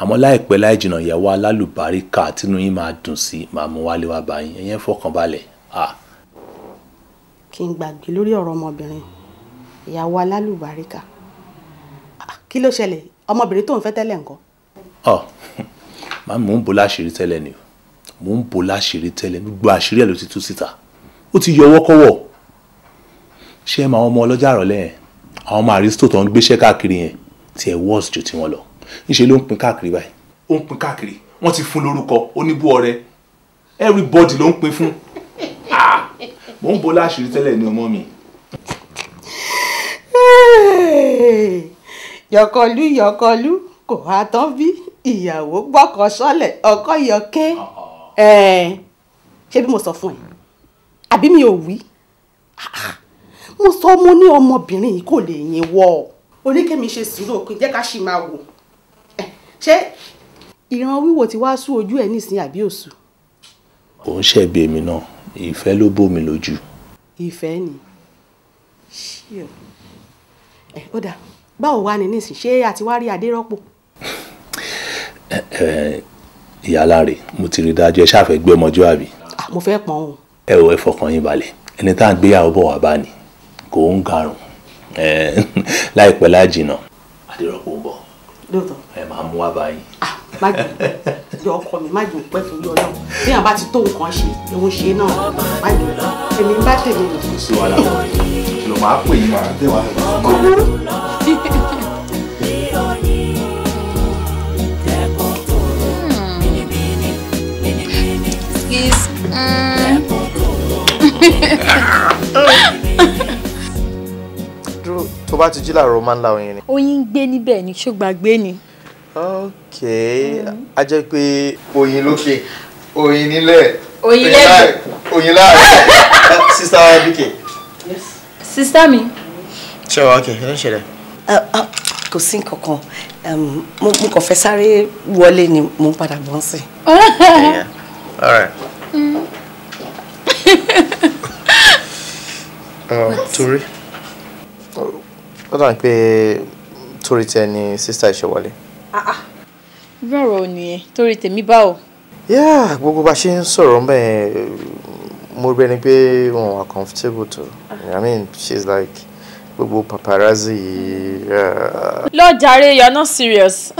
àmọ́ láìpẹ́ láì jìnnà ìyàwó alálùbáríkà tínú yín máa dùn sí màá mú wálé wá bá yín ẹ̀yẹn fọkàn balẹ̀. Ah. kí n gbàgbé lórí ọ̀rọ̀ ọmọbìnrin ìyàwó alálùbáríkà kí ló ṣẹlẹ̀ ọmọbìnrin tó ń fẹ́ tẹ́lẹ̀ nǹkan. ọ màá mò ń bo láṣìírí tẹ́lẹ̀ ni mò ń bo láṣìírí tẹ́lẹ̀ gbogbo àṣírí ẹ̀ ló ti tú síta ó ti yọ ọwọ́ kọ́wọ́ ṣé máa ọmọ ọlọ́jà àrọ̀lẹ́ yẹn àwọn ọmọ àrísítò tó ń gbéṣẹ́ káàkiri yẹn tiẹ̀ wọ́ọ̀sì ju tiwọn lọ níṣẹ́ ló ń pin káàkiri báyìí ó ń pin káàkiri wọ́n ti fún lórúkọ oníbú ọrẹ everybody ló ń pin fún ah! mò ń bo láṣìírí tẹ́lẹ̀ ni ọmọ mi yọkọlú yọkọlú kò wá tán bí ìyàwó gbọ́kọ sọ́lẹ̀ ọkọ yọkẹ́ ṣé bí mo sọ fún ẹ àbí mi ò wí mo sọ mo ní ọmọbìnrin yìí kò lè yín wọ oníkèmí ṣe sùúrù òkè jẹ́ ká ṣì máa wò ṣé ìran wíwò tí wàá sú ojú ẹ nísìnyí àbí òsù. ò ń ṣẹ̀bi èmi náà ìfẹ́ ló bò mí lójú. ìfẹ́ ni ṣíò. Sure ẹ ó dà báwo wá ní nísìn ṣé àti wá rí adé rọ́pò. ẹ ẹ ìyá aláre mo ti rí dájú ẹ ṣáfẹ́ gbé ọmọjọ́ àbí. mo fẹ́ pọ̀n o. ẹ ò ẹ fọkàn yín balẹ̀ ẹni tá à ń gbéyàwó bọ̀ wá bá ní kò ń garùn láìpẹ́ lájìnà adérọ́pò ń bọ̀ ẹ máa mú wá báyìí. má jù yọ ọkọ mi má jù pẹ́ torí ọlọ́run bí àwọn bá ti tó nǹkan ṣe ló ń ṣe náà má jù èmi bá tèmi lò màá pè yín màá dé wàá fẹ́ kọ́. Kiss. dúró tó bá ti jí láàárọ̀ máa ń la oyin ni. oyin ń gbé níbẹ̀ ni ṣùgbàgbé ni. ok a jẹ́ pé oyin lókè oyin nílẹ̀ oyin lẹ́yìn oyin láàárọ̀ sísá bíkẹ́ sista mi. ṣé wàá kì í ló ń ṣẹlẹ̀. kò sí nǹkan kan mo kàn fẹ́ sáré wọlé ni mo ń padà bọ̀ ń all right. Mm. uh, torí ó dà pé torí tẹ ah, ah. ni sista ìṣèwọlé. rọrọ ò nìyẹn torí tèmi bá o. gbogbo bá ṣe ń sọ̀rọ̀ ń bẹ́ẹ̀ mo rí ẹni pé wọn wà comfortable tó i mean she's like gbogbo paparazzi yìí. Uh, lọ you are not serious.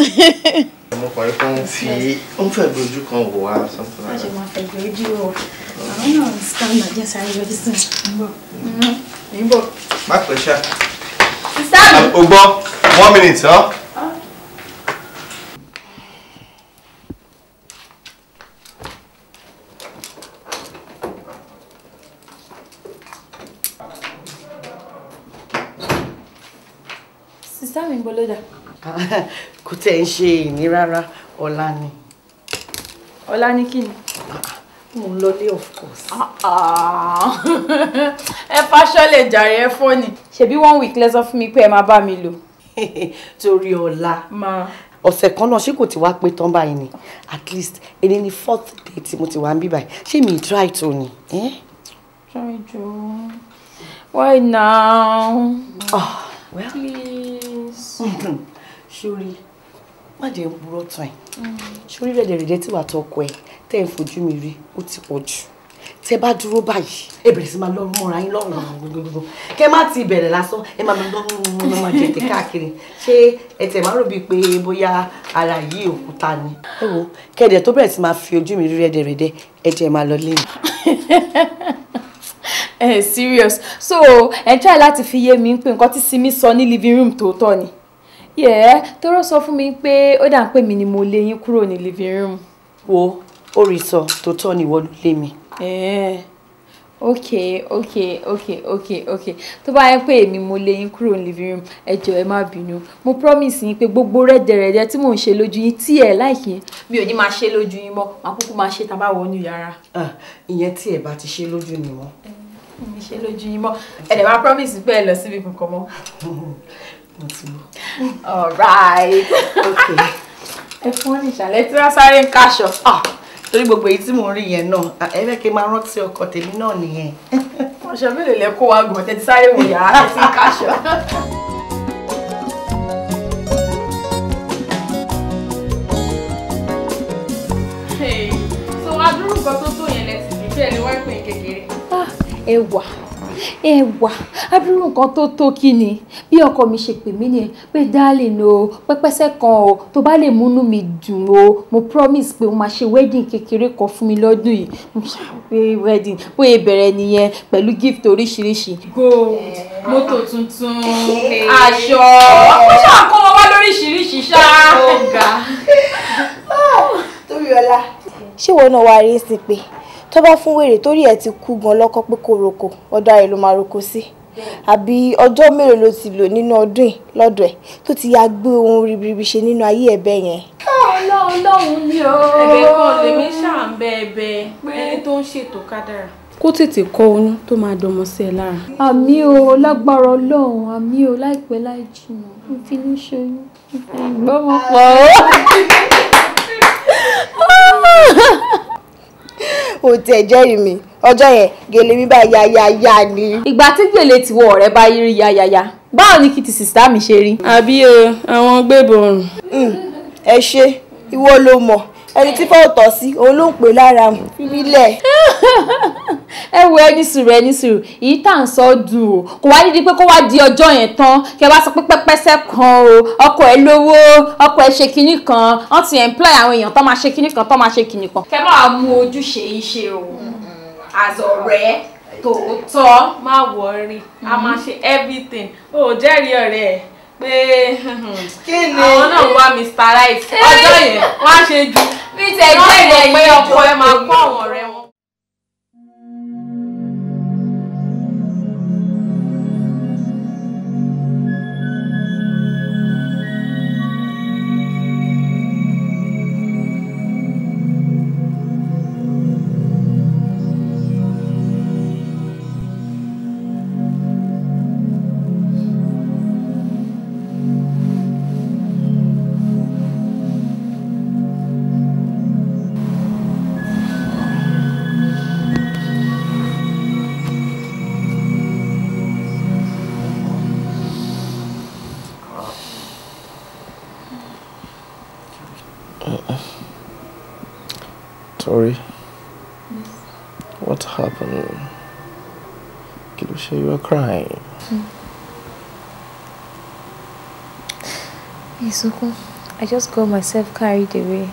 mo kàn rí pé ó ń fi ń fẹ́ gbójú kan wò wá. a ṣe máa fẹ́ gbójú wò àwọn náà ń scan náà jẹ́ sáré lójú sí i. níbo. one minute. Huh? ló dà. kò tẹ̀ ń ṣe ìní rárá ọ̀la ni. ọ̀la ni kí ni. mo ń lọlé of course. Ah, ah. ẹ fàṣọ lè jàre ẹ fọ́ ni. ṣebí one week lẹ́sọ̀ fún mi pé ẹ máa bá mi lò. torí ọ̀la. máa ọ̀sẹ̀ kan náà ṣé kò ti wá pé tán báyìí ni at least èdè ni fourth day tí mo ti wá ń bí báyìí ṣé mi try to ni. try eh? to why now. Oh, please sórí má jẹ́ burọ́ tán ẹ̀ mm. sórí rẹ̀dẹ̀rẹ̀dẹ̀ tí wàá tọkọ ẹ̀ tẹ́ ẹ̀ fojú mi rí ó ti pọ̀ jù tẹ bá dúró báyìí ẹ bẹ̀rẹ̀ sí máa lọ́rùn mọ́ra yín lọ́rùn gbogbogbò kẹ má ti bẹ̀rẹ̀ lásán ẹ máa lọ́rùn máa jẹ̀tẹ̀ káàkiri ṣé ẹ tẹ̀ máa rò bíi pé bóyá ara yìí òkúta ni. ẹ wo kẹ̀dẹ̀ tó bẹ̀rẹ̀ sí máa fi ojú mi rí rẹ́dẹ̀rẹ́dẹ́ ẹ jẹ́ máa lọ lẹ́yìn. eh serious so ẹ try láti fi yé mi pé nǹkan tí simi sọ ní living room tòótọ́ ni yẹ tọrọ sọ fún mi pé ó dà ń pè mí ni mo lé yín kúrò ní living room. wo orí sọ tòótọ́ ni ìwọ ló lé mi. Eh, ok ok ok ok ok tó bá yẹ pé èmi mo lé yín kúrò ní living room ẹ jọ̀ọ́ ẹ má bínú mo promise yín pé gbogbo rẹ́dẹ̀rẹ́dẹ́ tí mò ń ṣe lójú yín tí ẹ láìkí mi ò ní máa ṣe lójú yín mọ́ màá kúkú máa ṣe tá a bá wọnú yàrá. Ah, ìyẹn tí ẹ bá ti ṣe lójú ni wọn mi ṣe lójú yín mọ́ ẹ dẹ̀ máa promise pé ẹ lọ síbi kankan mọ́. all right okay ẹ fún ní ìṣàlẹ̀ tí wọ́n sáré ń káṣọ ah, torí gbogbo èyí tí mò ń rí yẹn náà ẹ fẹ́ kí n máa rántí ọkọ tèmi náà nìyẹn. wọ́n ṣe mélòó lẹ́kọ́ wa gbọ̀n tẹ́tí sáré wò yàrá tẹ́tí káṣọ. ẹwà ẹwà abirú nǹkan tó tó kí ni bí ọkọ mi ṣe pè mí nìyẹn pé darling o pẹpẹsẹ kan o tó bá lè múnú mi dùn o mo promise pé mo máa ṣe wedding kékeré kan fún mi lọ́dún yìí mo ṣàpè wedding bóyá bẹ̀rẹ̀ nìyẹn pẹ̀lú gift oríṣiríṣi. gold mọ́tò tuntun aṣọ ó ṣàkó wọn wá lóríṣiríṣi ṣá. torí ọlá. ṣé wọn náà wá rí sí pé tó bá fún wèrè torí ẹ̀ ti kú gan lọ́kọ́ pé kó roko ọ̀dọ̀ ààrẹ ló máa roko sí àbí ọjọ́ mélòó ló ti lò nínú ọdún yìí lọ́dọ̀ ẹ̀ tó ti ya gbé ohun ribiribi ṣe nínú ayé ẹ̀bẹ̀ yẹn. ọlọ́run lọ́hùn ni o. ẹ̀bẹ̀ kan lèmi ṣáà ń ẹni tó ń ṣètò kádàrà kó tètè kọ oyún tó máa dọmọ sí ẹ lára. àmì o lágbára Ọlọ́run àmì o láìpẹ́ láì jìnnà ń fi ní ṣoyún ìgbọmọpọ o. o tiẹ̀ jẹ́rìí mi ọjọ́ yẹn gèlè mi bá yáyáyá ni. ìgbà tí gèlè tiwọ ọ̀rẹ́ bá yírí yáyáyá báwo ni kìtì sìsítà mi ṣe rí. àbí àwọn gbébọn. Mm, ẹ ṣe ìwọ ló mọ̀ ẹni tí fọ́ tọ̀ sí òun ló ń pè lára fílẹ̀. ẹ wo ẹni sùúrù ẹni sùúrù èyí tá ń sọ dùn o kò wá dídí pé kó wá di ọjọ́ yẹn tán kí ẹ wá sọ pé pẹ́pẹ́sẹ́ kan o ọkọ ẹ lówó ọkọ ẹ ṣe kinní kan wọ́n ti employ àwọn èèyàn tó máa ṣe kinní kan tó máa ṣe kinní kan. kẹ́ máa mú ojúṣe yìí o àzọ̀rẹ́ tòótọ́ má wọrí a máa ṣe everything o jẹ́rìí ọ̀rẹ́ pé àwọn náà wá Mr. Right ọjọ́ yẹn wọ́n á ṣe ju bí tẹ jẹ́ ìmọ̀ pé ọkọ ẹ máa kọ́ àwọn ọ̀rẹ́ You're crying. Isuku, hmm. I just got myself carried away.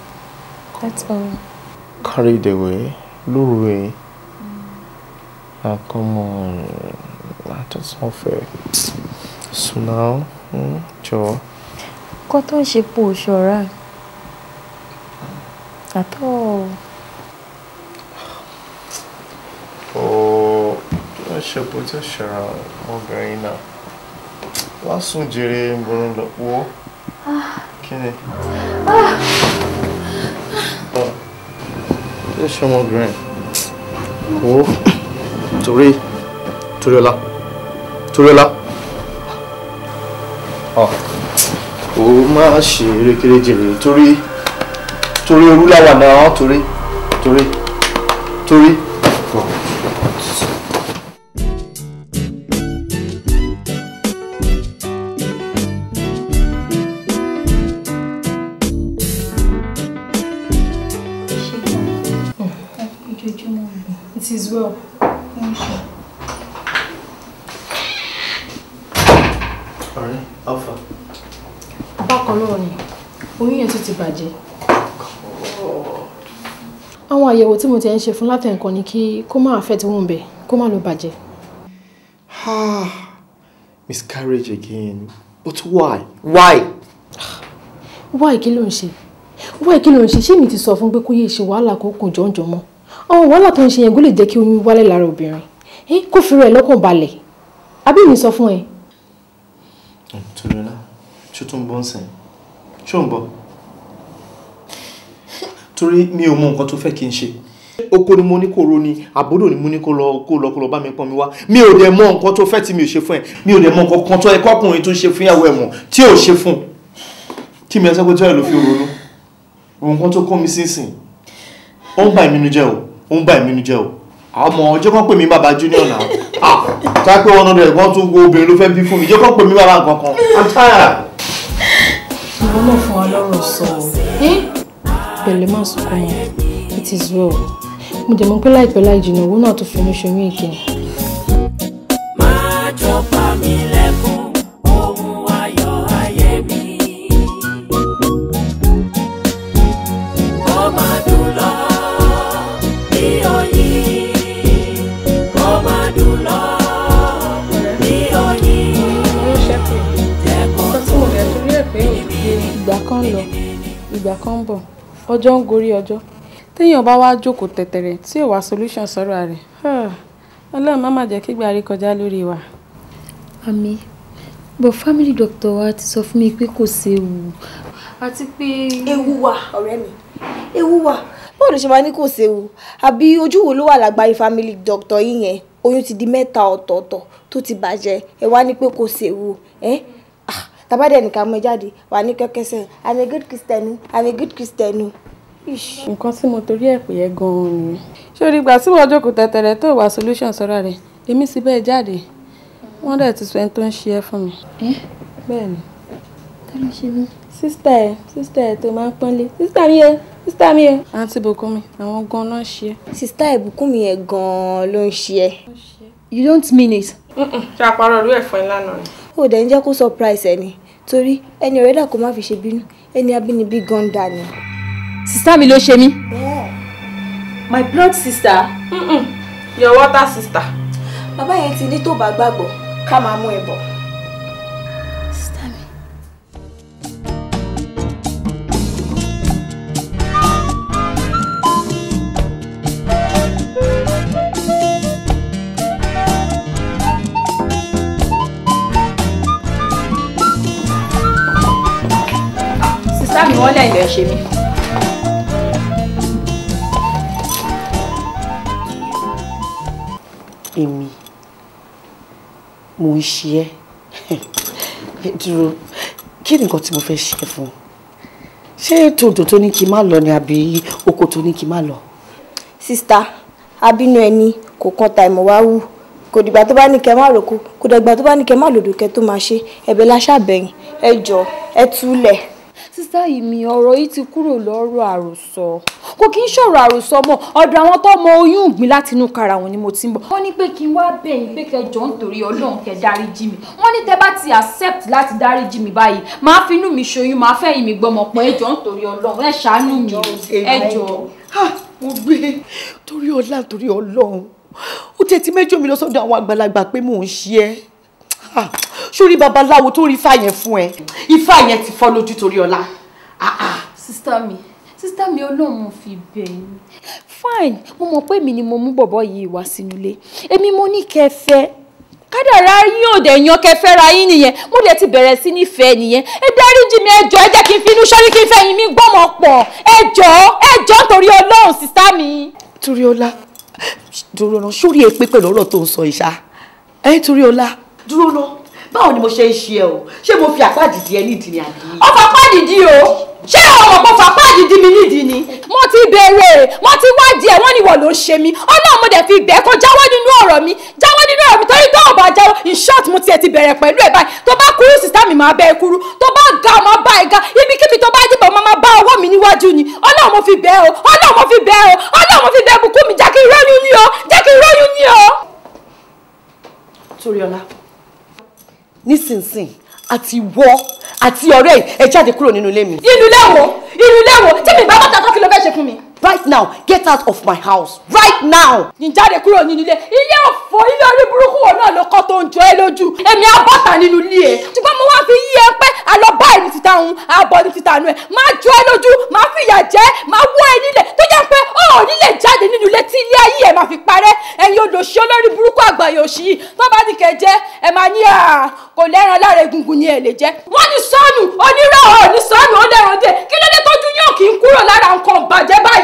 That's all. Carried away? Lóru ẹ? Ah, come on. Ah, That is not fair. So now, hmm, jọ̀ọ́. Kọ́ tó ń ṣe po At all. ṣẹpo tí ó ṣẹra ọmọbìnrin náà wá sùn jèrè ìrùn lọ wọ kí ni. tí ó ṣe ọmọbìnrin wo torí torí ọlá torí ọlá ò má ṣe erékeré jèrè torí torí orúláwà náà torí torí torí. It is well. Thank you. Ọ̀rẹ́, Alpha. Bákan náà ni, oyún yẹn tún ti bàjẹ́. Àwọn àyẹ̀wò tí mo ti ń ṣe fún látẹ̀ǹkan ni kí kó má affect wound bẹ̀, kó má lọ bàjẹ́. Miscarriage again. But why? Why? Why kí ló ń Why kí ló ń ṣe? Ṣé mi ti sọ fún pé kó yé ṣe wàhálà kó kùn jọ̀ǹjọ̀ mọ́? ọ̀hún wàhálà tó ń ṣe yẹn gó lè jẹ́ kí oyún wálẹ̀ lára obìnrin eh, kó fi rẹ̀ lọ́kàn balẹ̀ àbí mi sọ fún ẹ. tòlónà ṣó tó ń bọ́ ń sìn ṣó ń bọ̀ torí mi ò mọ nǹkan tó fẹ́ kí n ṣe oko ni mo ní kó ro ni àbúrò ni mo ní kó lọ kó lọ kó lọ bá mi pọn mi wá mi ò dẹ̀ mọ nǹkan tó fẹ́ tí mi ò ṣe fún ẹ mi ò dẹ̀ mọ nǹkan kan tó ẹ kọkùnrin tó ṣe fún ẹ mọ tí ò ṣe fún kí mi ẹ pé tí ò ẹ lò fi ronú nǹkan tó kọ́ mi sínsìn ó ń bà mí nu o ó ń bà mí nu o àmọ́ jẹ́ kán pè mí bàbá junior náà tá a pé wọn lọ́dọ̀ ẹ̀gbọ́n tó ń wo obìnrin ló fẹ́ bí mi jẹ́ kán pè mí bàbá kankan i'm tired. ìwọ náà fún wa lọ́rọ̀ sọ ọ́ hm? pẹ̀lú má sunkún it is well mo dẹ̀ mọ̀ pé láìpẹ́ láì jìnnà owó náà tó fi ní ṣoyún ìkíni. máa jọ pa ń lọ ìgbà kan ń bọ̀ ọjọ́ ń gorí ọjọ́ téèyàn bá wá jókòó tẹ̀tẹ̀rẹ̀ tí ò solution sọ̀rọ̀ rẹ̀ ọlọ́run má má jẹ́ kí gbàrí kọjá lórí wa. àmì bọ̀ family doctor wa ti sọ fún mi pé kò séwu àti pé. ewu wà ọ̀rẹ́ mi ewu wà báwo ló ṣe máa ní kò séwu àbí ojú wo ló wà lágbàáyé family doctor yìí yẹn oyún ti di mẹ́ta ọ̀tọ̀ọ̀tọ̀ tó ti bàjẹ́ ẹ wá ní pé kò séwu ẹ́ eh? tàbá dẹ̀ nìkan mọ jáde wà ní kẹ́kẹ́sẹ̀ i'm a good christian i'm a good christian. nǹkan tí mo torí ẹ̀ pè é gan-an ni. sórí ìgbà tí wọ́n jókòó tẹ̀tẹ̀rẹ̀ tó wà solution sọ́ra rẹ̀ èmi sì bẹ́ẹ̀ jáde wọ́n dẹ̀ ti sọ ẹni tó ń ṣe ẹ́ fún mi. bẹ́ẹ̀ ni. ta ló ṣe mí. sísítà ẹ sísítà ẹ tó máa ń pọ́nlé sísítà mi yẹn sísítà mi yẹn. àǹtí bùkúnmi àwọn gan-an ló ń ṣe é. sísítà ìbùkúnmi yẹn gan-an ló ń ṣe é. you don't mean it ṣe àparọ̀ orí ẹ̀fọn ẹ̀ lánàá ni. ó dẹ̀ ń jẹ́ kó surprise ẹni torí ẹni ọ̀rẹ́dà kó má fi ṣe bínú ẹni abínibí gan dà ni. sista mi ló ṣe mí. my blood sister. Mm -mm. your water sister. bàbá yẹn ti ní tó bá gbàgbọ́ ká máa mú ẹ bọ̀. ẹ̀ ṣe mí. èmi mo ń ṣe ẹ́ dúró kí ni nǹkan tí mo fẹ́ ṣe fún un ṣé tòdò tó ní kí n má lọ ni àbí oko tó ní kí n má lọ. sista abínú ẹni kò kan ta ìmọ̀ wá wù kò dìgbà tó bá ní kẹ má roko kò dìgbà tó bá ní kẹ má lòdò kẹ tó máa ṣe ẹ̀bẹ̀ la ṣàbẹ̀yìn ẹ jọ ẹ túlẹ̀ sísá yìí mi ọ̀rọ̀ yìí ti kúrò lọ́rọ̀ àròsọ kò kí n ṣọ̀rọ̀ àròsọ mọ́ ọ̀dọ̀ àwọn tó mọ oyún ìgbín láti kara wọn ni mo ti ń bọ̀. wọ́n ní pé kí n wá bẹ̀ yín pé kẹjọ nítorí ọlọ́run kẹ dáríjì mi wọ́n ní tẹ́ bá ti accept láti dáríjì mi báyìí máa fi inú mi ṣoyún máa fẹ́ ìmì gbọmọ pọ̀ ẹjọ nítorí ọlọ́run ẹ ṣàánú mi ẹjọ. mo gbé e. torí ọlá torí ọlọ́run ó tẹ́tí mẹ́jọ mi lọ sọ́dọ̀ àwọn àgbàlagbà pé mò ń ṣe é sórí babaláwo tó rí ifá yẹn fún ẹ ifá yẹn ti fọ́ lójú torí ọlá. Ah, ah. sista mi sísítà mi ọlọ́run fi bẹ̀ ẹ́ fine mo mọ̀ pé èmi ni mo mú bọ̀bọ̀ yìí wá sínú ilé èmi mo ní kẹfẹ́ kádàrá yín ò dẹ̀ yan kẹfẹ́ ra yín nìyẹn mo lè ti bẹ̀rẹ̀ sí nífẹ̀ẹ́ nìyẹn ẹ dáríjì mi ẹjọ́ ẹ jẹ́ kí n finú sọ́rí kí n fẹ̀yìn mi gbọ́mọ pọ̀ ẹjọ́ ẹjọ́ torí ọlọ́run sísá mi. torí ọlá dúró náà sórí èpè pẹ̀lú ọ̀rọ̀ tó ń sọ ìṣá ẹ torí dúró náà báwo ni mo ṣe ń ṣe ẹ o ṣé mo fi àpáàdì di ẹ nídìí ni àbí. ọfà páàdì di o ṣé ọmọ kan fà páàdì di mi nídìí ni. mo ti béèrè mo ti wádìí ẹ wọn ni wọn ló ń ṣe mí Ọlọ́run mo dẹ fi bẹ́ẹ̀ kan jáwọ́ nínú ọ̀rọ̀ mi jáwọ́ nínú ọ̀rọ̀ mi torí bẹ́ẹ̀ ọba jáwọ́ in short mo tiẹ̀ ti bẹ̀rẹ̀ pẹ̀lú ẹ báyìí tó bá kúrú sísá mi máa bẹ kúrú tó bá ga ọ máa bá ẹ ga ibikíbi tó bá dìbò máa máa bá ọwọ́ mi níwájú ni fi bẹ́ẹ̀ o Ọlọ́run fi bẹ́ẹ̀ o Ọlọ́run fi bẹ́ẹ̀ bùkún mi jẹ́ kí n róyún ní o jẹ́ kí n róyún ní o. Toriola nísinsìnyí àti wọ àti ọ̀rẹ́ ẹ jáde kúrò nínú ilé mi. inú ilé wo inú ilé wo tí mi bá bàtà tó kí ló fẹ́ ṣe fún mi right now get out of my house right now. ǹjáde kúrò nínú ilé ilé ọ̀fọ̀ ilé orí burúkú wo náà ló kọ́ tó ń jọ ẹ́ lójú èmi abọ́ta nínú ilé ẹ̀ ṣùgbọ́n mo wá fi yí ẹ pé àlọ́ báyìí ní títa òun àbọ̀ ní títa àánú ẹ̀ máa jọ ẹ́ lójú máa fìyà jẹ́ máa wọ́ ẹ nílẹ̀ tó jẹ́ pé ó nílẹ̀ jáde nínú ilé tí ilé ayé ẹ̀ máa fi parẹ́ ẹ̀yin olòṣì olórí burúkú àgbáyé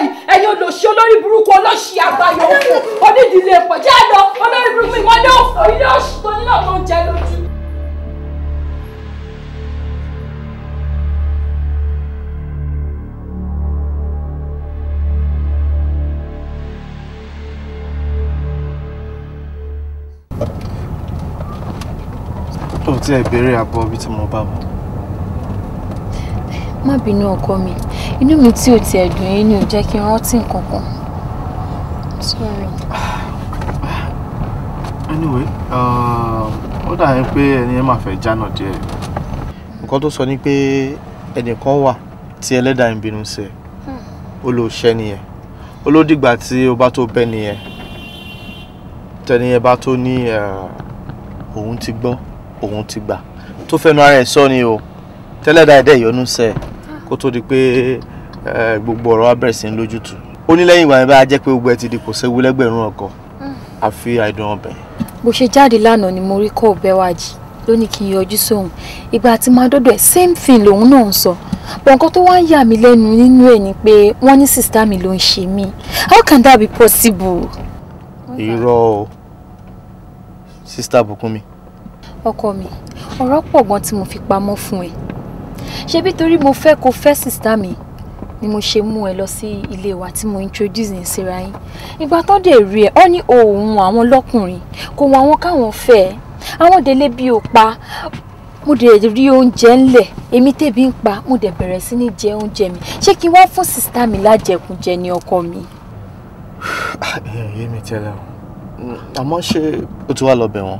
yìí ẹ̀yin olóṣì olórí burúkú olóṣì àgbáyọ̀ òkú onídìílé pọ̀ jẹ́ lọ olórí burúkú ìmọ̀lẹ́ òfò ilé oṣù tó nílò tó ń jẹ lójú. ó tiẹ̀ béèrè àbọ̀ bí tí mo bá bọ̀ má bínú ọkọ mi inú mi tí ò ti ẹ̀dùn yín ni ò jẹ́ kí n rántí nǹkan kan. sorry. anyway uh, ó dà yín pé ẹni yẹn máa fẹ́ jánà díẹ̀. nǹkan tó sọ ni pé ẹnìkan wà tí ẹlẹ́dàá ń bínú sí ẹ hmm. ó lọ ṣẹ́ nìyẹn ó ló tí o bá tó bẹ́ nìyẹn tẹ́niyẹn bá tó ní uh, òun ti gbọ́ òun ti gbà tó fẹ́nu ara ẹ̀ sọ ni o tẹ́lẹ̀ dáadáa ìyọnu sẹ́ kó tó di pé gbogbo ọ̀rọ̀ wa bẹ̀rẹ̀ sí ń lójútùú ó ní lẹ́yìn ìgbà yẹn bá jẹ́ pé gbogbo ẹ ti di kò séwu lẹ́gbẹ̀rún ọkọ̀ àfi àìdùn ọbẹ̀. bó ṣe jáde lánàá ni mo rí kó ọbẹ̀ wá jì ló ní kí yọjú sóhun ìgbà tí máa dọ́dọ̀ ẹ̀ same thing lòun náà ń sọ bọ̀ nǹkan tó wá ń yà mí lẹ́nu nínú ẹ̀ ni pé wọ́n ní sister mi ló ń ṣe mí how can that be possible. irọ́ o sister Bùkúnmi. ọkọ mi ọ̀rọ̀ pọ̀ gan tí mo fi pamọ́ fún ẹ ṣebí torí mo fẹ́ kó fẹ́ sista mi ni mo ṣe mú ẹ lọ sí ilé wa tí mo introduce ní síra yín ìgbà tó dé rí ẹ ọ ní òun àwọn lọkùnrin kò wọn àwọn káwọn fẹ́ ẹ àwọn délé bí o pa mo dẹ̀ rí oúnjẹ ńlẹ̀ èmi tèbi ń pa mo dẹ̀ bẹ̀rẹ̀ sí ní jẹ oúnjẹ mi ṣé kí wọ́n fún sista mi lájẹkújẹ ní ọkọ mi. èyí ah, mi tẹ́lẹ̀ o àmọ́ ṣé o ti wá lọ bẹ̀ wọ́n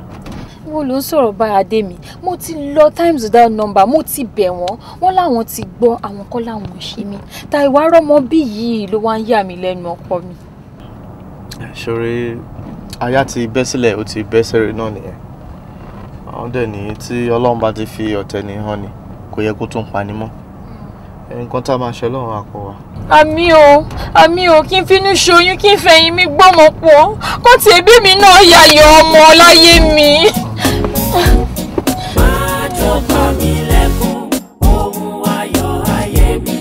wo ló ń sọ̀rọ̀ báyà dé mi mo ti lọ times without number mo ti bẹ̀ wọ́n wọ́n láwọn ti gbọ́ àwọn kọ́ láwọn ṣe mí ta ìwà rọ́mọ bí yìí ló wá ń yà mí lẹ́nu ọkọ mi. ṣeré aya ti bẹ́ sílẹ̀ ó ti bẹ́ sẹ́rẹ̀ náà nìyẹn àwọn dẹ̀ ní tí ọlọ́run bá ti fi ọ̀tẹ̀ ní hàn ni kò yẹ kó tún pani mọ́ hmm. nǹkan tá a máa ṣe lọ́run àpò wa. àmì o àmì o kí n finú ṣoyún kí n fẹ̀yìn mi gbọ́mọ pọ̀ kó tèébí mi náà yàyọ̀ ọmọ láyé mi. Má jọ pa mí lẹ́kún, ohun ayọ̀ ayé mi.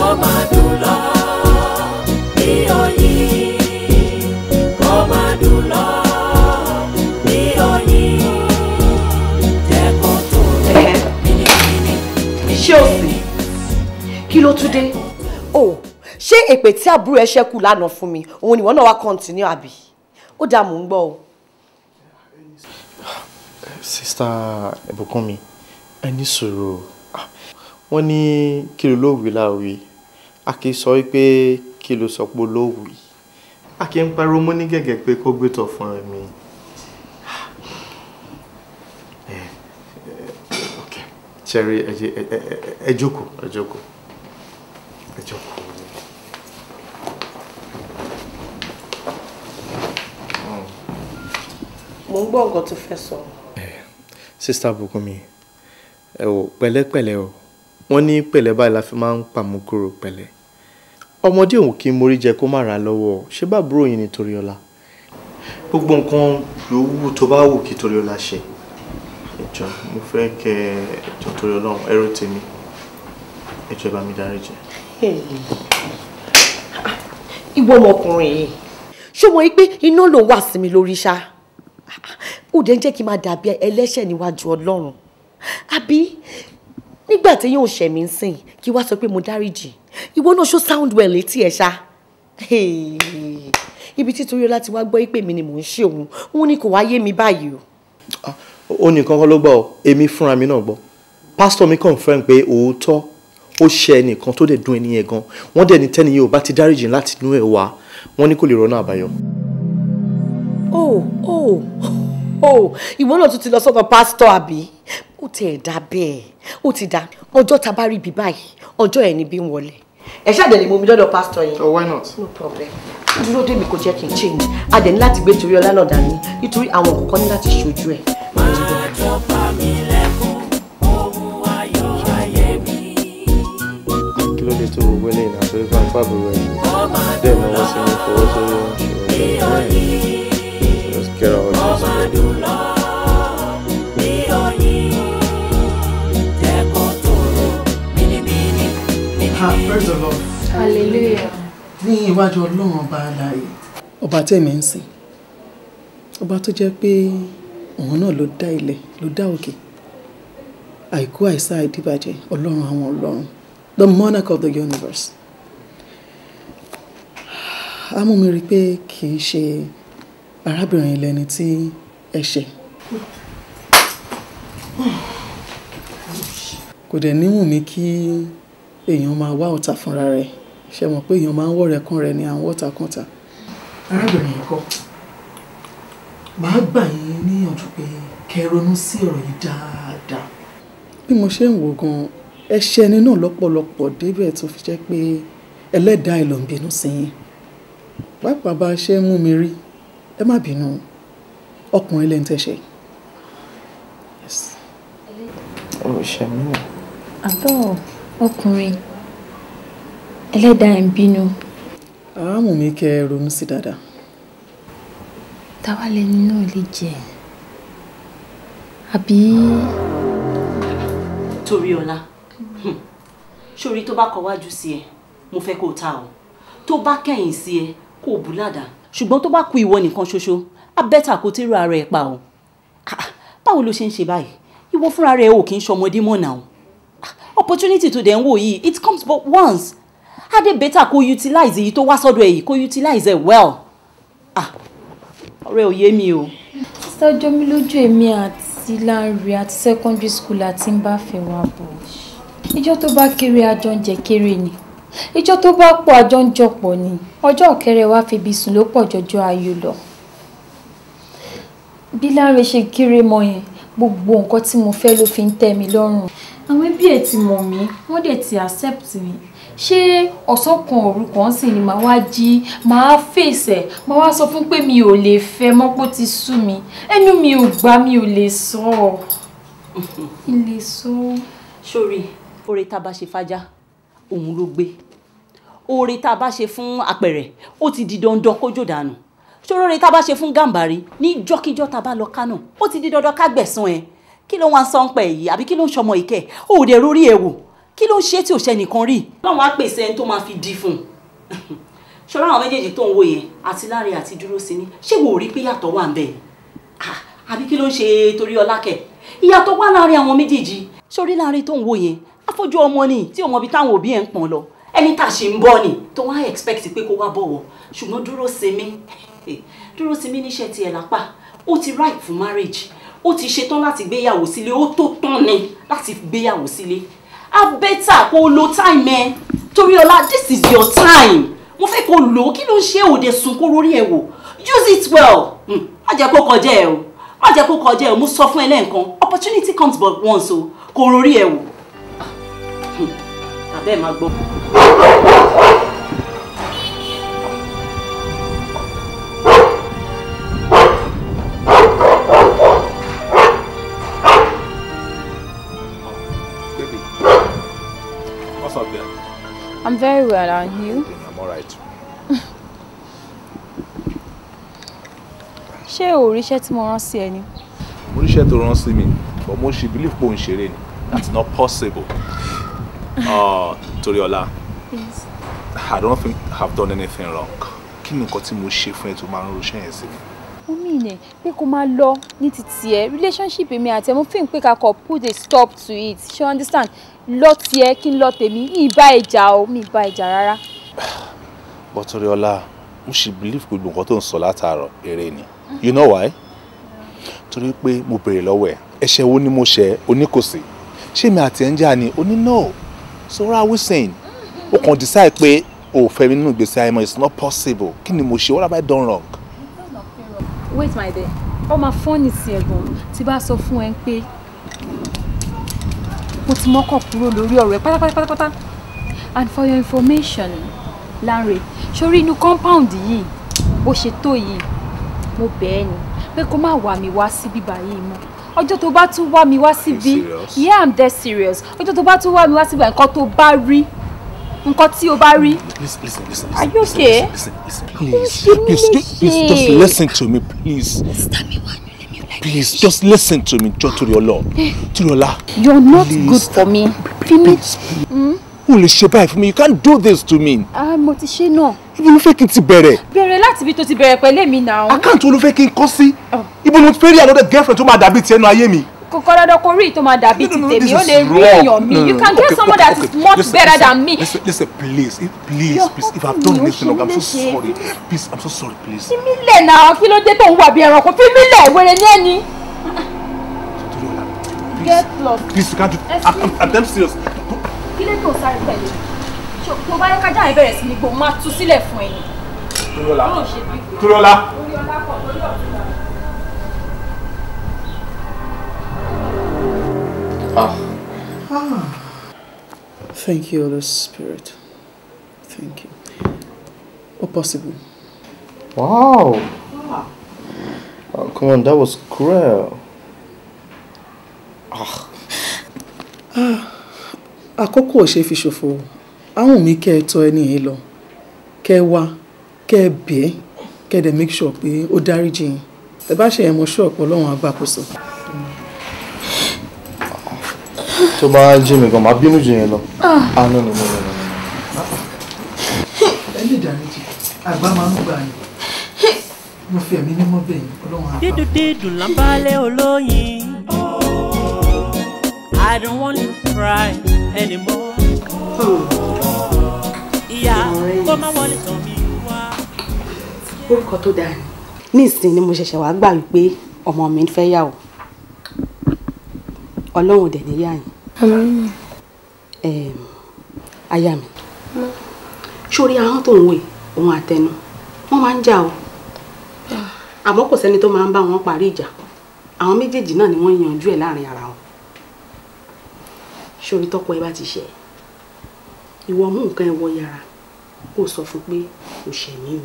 Ó máa dùn lọ bí oyin. Ó máa Ṣé èpè tí àbúrò ẹ ṣẹ́kù lánàá fún mi, òun ni wọ́n náà wá kọ́ntínú àbí? ó dà mò ń gbọ́ o. sista ẹ̀bùkún mi ẹ ní sùúrù ah, wọ́n ní kí ló lóòwì láòwì a kì í sọ wípé kí ló sọ pé olóòwì a kì í pariwo mú ní gẹ̀gẹ̀ pé kó gbé tọ̀ fún ah, eh, eh, eh, ẹ mi. Cherry ẹ jókòó ẹ jókòó ẹ jókòó. mo ń gbọ́ nǹkan tó fẹ́ sọ. sista Bùkúnmi ẹ wò pẹ̀lẹ́pẹ̀lẹ́ o wọ́n ní pẹ̀lẹ́ báyìí la fi máa ń pàmùkúrò pẹ̀lẹ́ ọmọdé òun kì í mórí jẹ kó má ra lọ́wọ́ ṣé bàbúrò yín ni Toriola gbogbo nǹkan yòówù tó bá wù kí Toriola ṣe ẹjọ mo fẹ́ kẹ ẹjọ torí Ọlọ́run ẹrù tèmi ẹjọ bá mi dárí jẹ. ìwọ ọmọkùnrin yìí ṣé mo rí pé iná ló wà sí mi lórí ṣáá ó dẹ̀ ń jẹ́ kí n máa dàbí ẹlẹ́ṣẹ̀ níwájú ọlọ́run àbí nígbà tí yóò ṣẹ̀ mí sìn kí wá sọ pé mo dáríjì ìwọ náà ṣó sound well létí ẹ̀ ṣá ibi tí torí láti wá gbọ́ ìpè mi ni mò ń ṣe òun òun ni kò wá yé mi báyìí o. Ah, ó ní nǹkan kan ló gbọ́ ọ èmi fúnra mi náà gbọ́ pásítọ̀ mi confirm pé òótọ́ ó ṣe ẹnìkan tó dẹ̀ dùn ẹnìyẹn gan wọ́n dẹ̀ ní tẹ́niyẹn ò bá ti dáríjì láti inú ẹ̀ wá wọ́n ní kò lè rọ́nà àbáyọ oh oh oh ìwọ náà tún ti lọ sọ́dọ̀ pásítọ̀ àbí ó ti ẹ̀ dá bẹ́ẹ̀ ó ti dá ọjọ́ ta bá rí ibi báyìí ọjọ́ ẹ̀ ni bí ń wọlé ẹ ṣáà dẹ̀ lè mú lọ́dọ̀ pásítọ̀ yẹn. oh why not. no problem dúró débi kò jẹ́ kí n change a dẹ̀ ní láti gbé torí ọlá náà dání nítorí àwọn kọ̀ọ̀kan ní láti ṣojú ẹ̀. máa jọ pa mí lẹ́kùn ohun ayọ̀ ayé mi. kí ló dé tó o wẹ́lẹ̀ ìrìnàjò care of us. Praise the Lord. Hallelujah. Ní iwájú Ọlọ́run ọba aláyé. Ọba tẹ̀mí ń sìn. Ọba tó jẹ́ pé òun náà ló dá ilẹ̀ ló dá òkè. Àìkú àìsá ìdíbàjẹ́ Ọlọ́run àwọn Ọlọ́run. The monarch of the universe. Amúmi rí i pé kì í ṣe arábìnrin lẹni tí ẹ ṣe kò dẹ̀ níwùn mí kí èèyàn máa wá ọ̀tá fúnra rẹ̀ ṣe mọ̀ pé èèyàn máa ń wọ̀rẹ́ kún rẹ̀ ní àwọn ọ̀tá kúnta. arábìnrin yìí kọ́ màá gbà yín níyànjú pé kẹ́ ronú sí ọ̀rọ̀ yìí dáadáa. bí mo ṣe ń wò gan ẹ̀ṣẹ̀ ẹni náà lọ́pọ̀lọpọ̀ débẹ̀ tó fi jẹ́ pé ẹlẹ́dàá ẹ̀ ló ń bínú sí yín pàápàá bá a ṣe ń mú mi rí ẹ má bínú ọkùnrin lẹ́ni tẹ́ ṣe. òṣè mi nà. àbọ̀ ọkùnrin ẹlẹ́dàá ẹ̀ ń bínú. àámù mi kẹ́ ẹ ronú sí dáadáa. táwa lẹni náà lè jẹ àbí. torí ọlá sórí hmm. tó bá kọ wájú sí ẹ mo fẹ́ kó o ta ọ tó bá kẹ̀yìn sí ẹ kó o bù ládàá ṣùgbọ́n tó bá ku ìwọ nìkan ṣoṣo a bẹ́tà kó tẹ́rù ara ẹ̀ pa o ah, báwo ló ṣe ń ṣe báyìí ìwọ fúnra rẹ̀ ò kì í ṣọmọdé mọ̀ náà ah, opportunity tó dẹ̀ ń yìí it comes but once á dé bẹ́tà kó utilize èyí tó wá sọ́dọ̀ ẹ̀ yìí kó utilize ẹ̀ well ah, ọ̀rẹ́ ò yé mi o. sísá ọjọ́ mi lójú èmi àti Lanre àti secondary school àti ń bá fẹ́ wá bọ̀ ìjọ tó bá kéré àjọ ń jẹ kéré ni ìjọ tó bá pọ̀ àjọ ń jọpọ̀ ni ọjọ́ ọ̀kẹrẹ wa febi sùn ló pọ̀ jọjọ ayọ̀ lọ bí Láre ṣe kéré mọ yẹn gbogbo nǹkan tí mo fẹ́ ló fi ń tẹ́ mi lọ́rùn àwọn ẹbí ẹ̀ ti mọ̀ mí wọ́n dẹ̀ ti accept mi ṣé ọ̀sán kan òru kan sì ni màá wá jí màá fèsẹ̀ màá wá sọ fún pé mi ò lè fẹ́ mọ́pọ́ ti sú mi ẹnu mi ò gbà mi ò lè sọ ilé sọ. sórí oore tá a ṣe fájá òun ló gbé oore tá a bá ṣe fún apẹ̀rẹ̀ ó ti di dandan kójó dànù ṣòro oore tá a bá ṣe fún gàǹbàrí níjọ́kíjọ́ tá a bá lọ kánò ó ti di dandan ká gbẹ̀san ẹ̀ kí ló wá ń sọ ń pẹ̀ yìí àbí kí ló ń ṣọmọ ìkẹ́ ò dẹ̀ rórí ẹ̀ wò kí ló ń ṣe tí ò ṣe nìkan rí. báwọn á ẹni tó máa fi di fún un ṣọlá àwọn méjèèjì tó ń wo yẹn àti láre àti dúró sí ni ṣé wò ó rí pé yàtọ̀ wà ń bẹ̀ ah, àbí kí ló ń ṣe torí ọlákẹ́ ìyàtọ̀ wà láàrin àwọn méjèèjì sórí láre tó ń wo yẹn àfojú ọmọ ni tí ọmọ ibi táwọn òbí ẹ̀ ń pọ̀n lọ ẹni tá a ṣe ń bọ̀ ni tó wá expect pé kó wá bọ̀wọ̀ ṣùgbọ́n dúró sinmi dúró sinmi níṣẹ́ tiẹ̀ lápá ó ti ripe fún marriage ó ti ṣetán láti gbéyàwó sílé ó tó tán ni láti gbéyàwó sílé a bẹ́tà kó o lo time ẹ torí ọlá this is your time mo fẹ́ kó o lò ó kí ló ń ṣe òde sùn ẹ wò use it well hmm. má jẹ́ kó kọjá ẹ o má jẹ́ kó kọjá ẹ o mo sọ fún ẹ lẹ́ẹ̀kan opportunity comes but once o kó rórí ẹ wò àbẹ́ẹ̀ máa gbọ́. I'm very well, aren't you? I'm all right. Ṣé o ríṣẹ́ tí mo rán sí ẹ ni? Mo ríṣẹ́ tó rán sí mi, but mo ṣì believe pé òun ṣeré ni. That's not possible. Oh, Toriola, yes. I don't think I've done anything wrong. Kí ni nǹkan tí mo ṣe fún ẹ tó máa ń roṣẹ́ yẹn sí mi? Ó mì pé kó máa lọ ní títí ẹ. Relationship mi àti ẹ mo feel pé kakọ̀ put a stop to it. Ṣé o understand? Lọ tiẹ̀ kí n lọ tèmi. Mi ì bá ìjà o, mi ì bá rárá. But Toriola, mo ṣì believe pé gbogbo nǹkan tó ń sọ látàárọ̀ eré ni. You know why? Torí pé mo béèrè lọ́wọ́ ẹ̀. Ẹ̀ṣẹ̀ wo ni mo ṣẹ̀ oníkòsí? Ṣé mi àti ẹ̀ ń jà ni? Oní náà so what are we saying o kàn decide pé o fẹ́ mi nínú ìgbésí ayé it's not possible kí ni mo ṣe what have I done wrong. wait my dear ọmọ phone sí ẹ̀gbọ́n tí bá sọ fún ẹ pé mo ti mọ́kàn kúrò lórí ọ̀rọ̀ ẹ pátápátápátá and for your information Lanre sórí inú compound yìí bó ṣe tó yìí mo bẹ̀ ẹ́ ni pé kó má wà mí wá síbí báyìí mọ́ ọjọ́ tó bá tún wá mi wá síbí yeah i'm dead serious ọjọ́ tó bá tún wá mi wá síbí nǹkan tó bá rí nǹkan tí o bá rí. listen listen listen are you okay. listen please please just, please just listen to me please. please just listen to me jọ torí ọlọ torí ọlá. you're not good for me. finish o lè ṣe báyìí fún mi you can't do this to me. Ah, mo ti ṣe náà. ibo ló fẹ́ kí n ti bẹ̀rẹ̀. bẹ̀rẹ̀ láti ibi tó ti bẹ̀rẹ̀ pẹ̀lú èmi náà. àkáǹtì wo ló fẹ́ kí n kọ́ sí. Oh. ibo ló fẹ́ rí another girlfriend tó máa dàbí tiẹ̀ nù ayé mi kọkọ dandan kò rí ìtọ́ máa dàbí ti tèmi ó lè rí èèyàn mi you can okay, get someone okay, okay. that is much listen, better listen, than me. listen listen please if, please please if i don lis ten wrong i'm so sorry please i'm so sorry please. fi mí lẹ̀ náà kí ló dé tó ń wà bí ẹranko fi mí lẹ̀ wẹ̀rẹ̀ ní ẹni. Please, lost. please you can't do i'm i'm damn serious kí lè tó sáré pẹ̀lú tó bá yẹ kájà yẹn bẹ̀rẹ̀ sí ni gbòó máa tú sílẹ̀ fún ẹ̀yìn. Ah. Ah. Thank you, Holy Spirit. Thank you. Oh, possible. Wow. Ah. Oh, come on, that was cruel. Ah. ah àkókò ò ṣe fi ṣòfò àwọn mi kẹ́ ẹ tọ́ ẹni yìí lọ kẹ́ ẹ wá kẹ́ ẹ bẹ́ẹ̀ kẹ́ ẹ dẹ̀ make sure pé ó dáríjì yín ẹ bá ṣe ẹ̀mọ́ ṣọ́ọ̀pù ọlọ́run agbákòóso. tó bá jí mi gan máa bínú jù yẹn lọ àánú ni mo lọ ẹ lè dáríjì àgbà máa ń gbà yín mo fi ẹ̀mí mímọ́ bẹ̀ yín ọlọ́run àgbà. dídùn dídùn lábálẹ̀ olóyin I don't want to cry anymore. Ìyá kó má wọlé tán mi wá. Orúkọ tó dáa ni. Nísìnyí ni mo ṣẹ̀ṣẹ̀ wá gbà wípé ọmọ mi fẹ́ yà o. Ọlọ́run dẹ̀ ní yà yín. Aya mi. Sórí ahọ́n tó ń wò òun àtẹnu. Wọ́n máa ń jà o. Àmọ́ kò sẹ́ni tó máa ń bá wọn parí ìjà. Àwọn méjèèjì náà ni wọ́n yanjú ẹ̀ láàrin ara wọn ṣorí tọkọ ẹ bá ti ṣe ìwọ mú nǹkan ẹ wọ yàrá kó sọ fún pé kò ṣẹ̀ mí o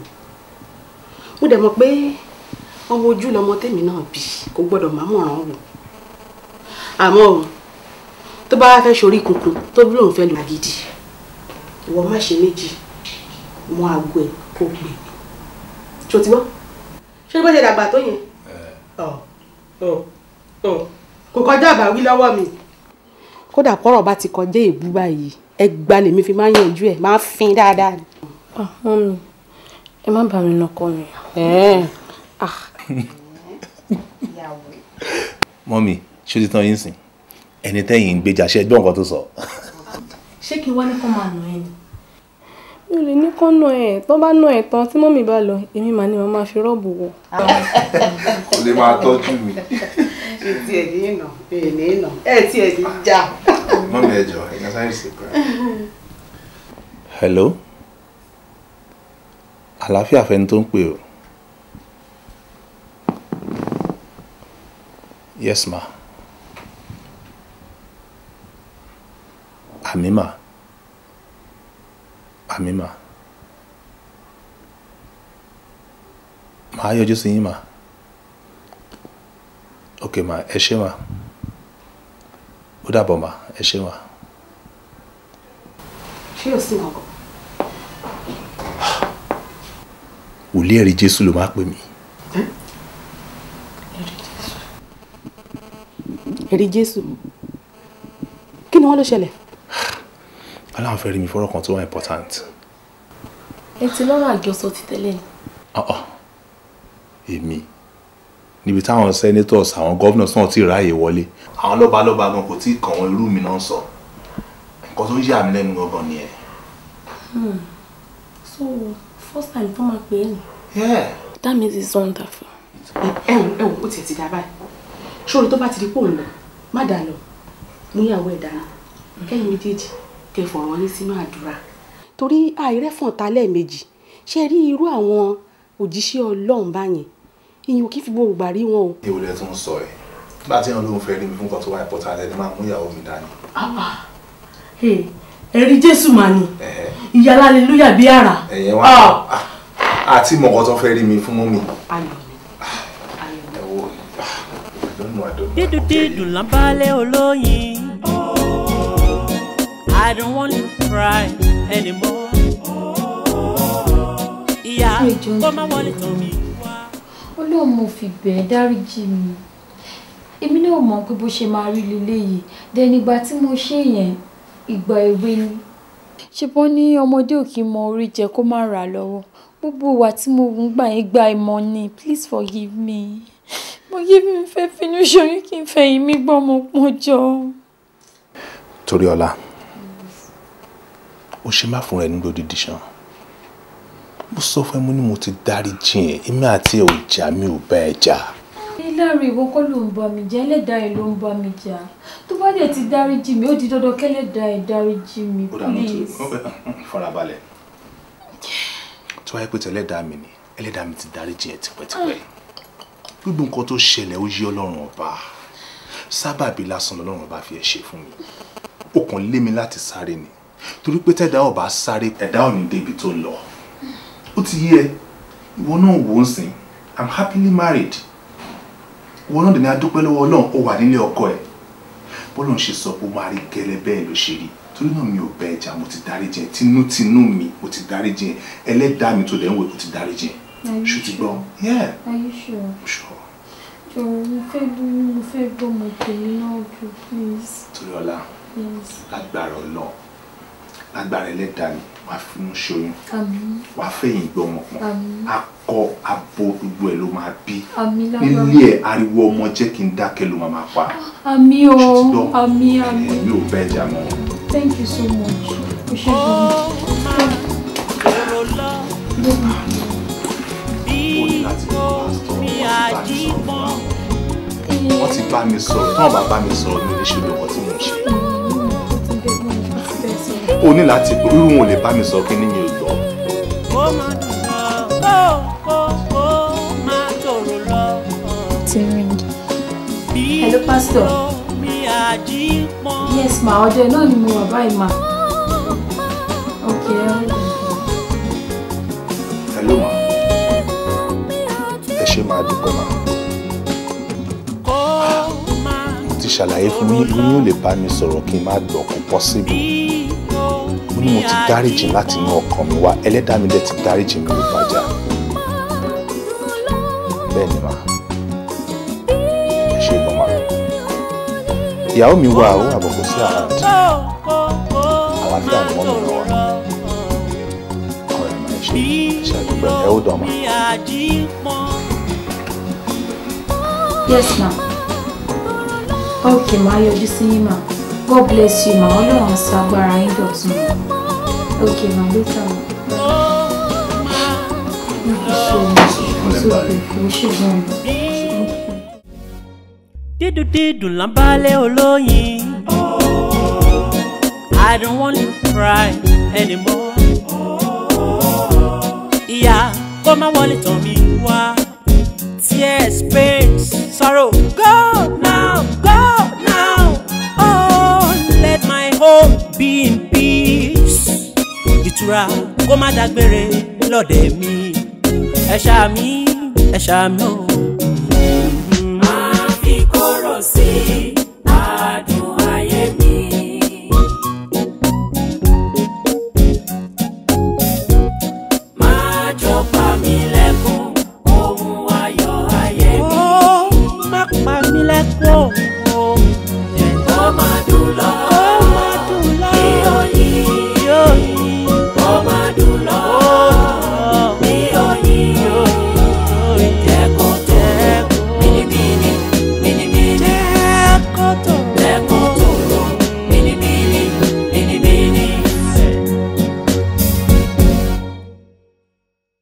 mo dẹ̀ mọ̀ pé ọmọ ojú lọmọ tèmi náà bí kò gbọ́dọ̀ má mọ̀ràn wò àmọ́ o tó bá fẹ́ ṣorí kunkun tó bí lòun fẹ́ lò gidi ìwọ má ṣe méjì mọ àgọ́ ẹ kó pè mí ṣó ti gbọ́ ṣé bó ṣe dàgbà tó yẹn kò kọjá àbáwí lọ́wọ́ mi kódà kọ́rọ̀ bá ti kọjá èébú báyìí ẹ gba lèmi fi máa yanjú ẹ máa fin dáadáa ni. Ah, mọ́ mi ẹ má bà mí nọkọ mi. Ah. mọ́ mi ṣé o ti tán yín sìn ẹni tẹ́yìn ń gbèjà ṣe gbọ́ nǹkan tó sọ. ṣé kí wọ́n ní kó máa nù ẹ́ ni. mi ò lè ní kó nà ẹ̀ tó bá nà ẹ̀ tán tí mọ́mì bá lọ èmi màá ní màá máa fi rọ́ọ̀bù wọ̀. kò lè máa tọ́jú mi ètì ẹ̀dí ìnà èèní ìnà ẹ̀tì ẹ̀dí já. mọ́mí ẹ̀jọ̀ ẹ̀yìn sáré sí kúrẹ́. hello àlàáfíà fẹ́ni tó ń pè o. yes ma. àmì mà àmì mà màá yọjú sí yín mà ok ma ẹ ṣé ma ó dàbọ̀ ma ẹ ṣé ma. ṣé o sì ọkọ. wòlíì ẹ̀rí jésù ló máa pè mí. ẹ̀rí jésù kí ni wọ́n ló ṣẹlẹ̀. aláwọ̀ fẹ́ rí mi fọ́rọ̀ kan tó wà important. ẹ ti lọ́rọ̀ àjọsọ ti tẹ́lẹ̀ ni. Ah, ah. èmi. Uh -uh níbi táwọn senators àwọn governors náà ti ráàyè wọlé àwọn lọ́balọ́ba gan kò tí ì kàn wọ́n irú mi náà sọ nǹkan tó ń yà mí lẹ́nu gangan nìyẹn. Hmm. so first time tó máa pè é nì. that means it's wonderful. ẹ wò ẹ wò ó tiẹ̀ ti dá báyìí ṣóòrè tó bá ti di pò ń lọ má dà lọ níyàwó ẹ̀ dáná kẹ́yìn méjèèjì kẹ fọ̀rọ̀ yín sínú àdúrà torí àìrẹ́fọ̀ntà lẹ́ẹ̀mejì ṣe rí irú àwọn òjíṣẹ́ ọlọ́run báyẹn ìyẹn ò kí fi gbogbo gbà rí wọn o. èwo lẹ tún sọ ẹ bá a ti hàn lóun fẹ́ rí fún kan tó wá ìpọ́tà lẹ ni máa mú ìyàwó mi dání. Ah, ah. ẹ̀rí jésù mà ni ìyá alálelúyà bí àrà. ẹ̀yẹ wá àti ah. mọ̀kọ́ tó fẹ́ rí mi fún mọ́mì. dídùn dídùn lábálẹ̀ olóyin. I don't want to cry anymore. Yeah, come on, wọlé tó mi ọlọ́run mo fi bẹ̀ẹ́ dáríjì mi èmi náà mọ̀ pé bó ṣe máa rí lílé yìí dẹni ìgbà tí mo ṣe yẹn ìgbà èwe ni. ṣùgbọ́n ní ọmọdé ò mọ orí jẹ kó má rà lọ́wọ́ gbogbo ìwà tí mo ń gbà yín gba ìmọ̀ ni please forgive me mo yí mi fẹ́ finú ṣoyún kí n fẹ̀yìn mi gbọ́ mo pọ́n jọ. Toríọlá ó ṣe má fún ẹ nígbà odidi ṣan mo sọ fún ẹ mo ní mo ti dárí jìn ẹ èmi àti ẹ ò jà mi ò bá ẹ jà. láàrin ìwọ kọ́ ló ń bá mi jà ẹlẹ́dàá ẹ ló ń bá mi jà tó bá dẹ̀ ti dárí jì mí ó di dandan kẹ́lẹ́dàá ẹ dárí jì mí please. farabalẹ̀ tí wàá yẹ pé tẹ̀lẹ́dàá mi ni ẹlẹ́dàá mi ti dárí jìn ẹ tipẹ́tipẹ́ gbogbo nǹkan tó ṣẹlẹ̀ ó yí ọlọ́run ọba sábàbí lásán lọ́lọ́run ọba fi ẹ̀ ṣe fún mi ó kàn lé mi láti sáré ni torí pé tẹ́dá ọba sáré ẹ̀dá ò ó ti yé ẹ ìwọ náà wò ó sìn i'm happily married ìwọ náà dènà adúpẹ́ lọ́wọ́ ọlọ́run ó wà nílé ọkọ ẹ̀ bọ́lá ń ṣe sọ pé ó máa rí gẹ́lẹ́ bẹ́ẹ̀ ló ṣe rí torí náà mi ò bẹ ẹja mo ti dáríjì ẹ tinútinú mi mo ti dáríjì ẹ ẹlẹ́dàá mi tó lẹ́ ń wò ó ti dáríjì ẹ ṣùtìgbọ́ yeah. are you sure? sure jọ̀wọ́ mo fẹ́ lóyún mo fẹ́ gbọ́mọ tèmi náà jù please. torí ọlá lágbára ọlọ lágbára ẹlẹ́dàá mi wàá fún ṣoyún wàá fẹ̀yìn gbọ́mọ pọ̀n akọ abo gbogbo ẹ̀ ló máa bí nílé ẹ̀ ariwo ọmọ jẹ́ kí n dákẹ́ ló máa pa àmì o àmì àmì mi ò bẹ́ẹ̀ jà mọ́. thank you so much o ṣe gbọ́n. wọ́n ti bá mi sọ̀rọ̀ tán bá bá mi sọ̀rọ̀ ní oníṣègùn ọkọ̀ tí mo ń ṣe o ní láti pé irú wọn ò lè bá mi sọ kí ni mi ò gbọ́. hello pastor yes ma ọjọ́ náà ni mo wà báyìí ma okay. hello ma ẹ ṣe máa dúpẹ́ ma mo ti ṣàlàyé fún yín yín ò lè bá mi sọ̀rọ̀ kí n má gbọ́ kó possible bí mo ti dáríjì láti inú ọkàn mi wá ẹlẹ́dàá mi dẹ̀ ti dáríjì mi ló bàjá bẹ́ẹ̀ ni màá ẹ ṣe gbọ́n màá ìyàwó mi wà ó àbọ̀kù sí àràǹtì àlàáfíà ni wọ́n mú mi wá ọ̀rẹ́ màá ṣe ṣàdúgbò ẹ̀ ó dán màá. yes ma okay ma yọjú sí yín ma god bless you ma ọlọ́run ṣàgbára yín dọ̀tun. Okay, ma, later. Thank you so much. I'm I don't want to cry anymore. Ìyá come and wọlé tàn mí wá. Tears, pains, sorrow. kó má dágbére lọ́dẹ̀ mi ẹ ṣáà mi ẹ mi o.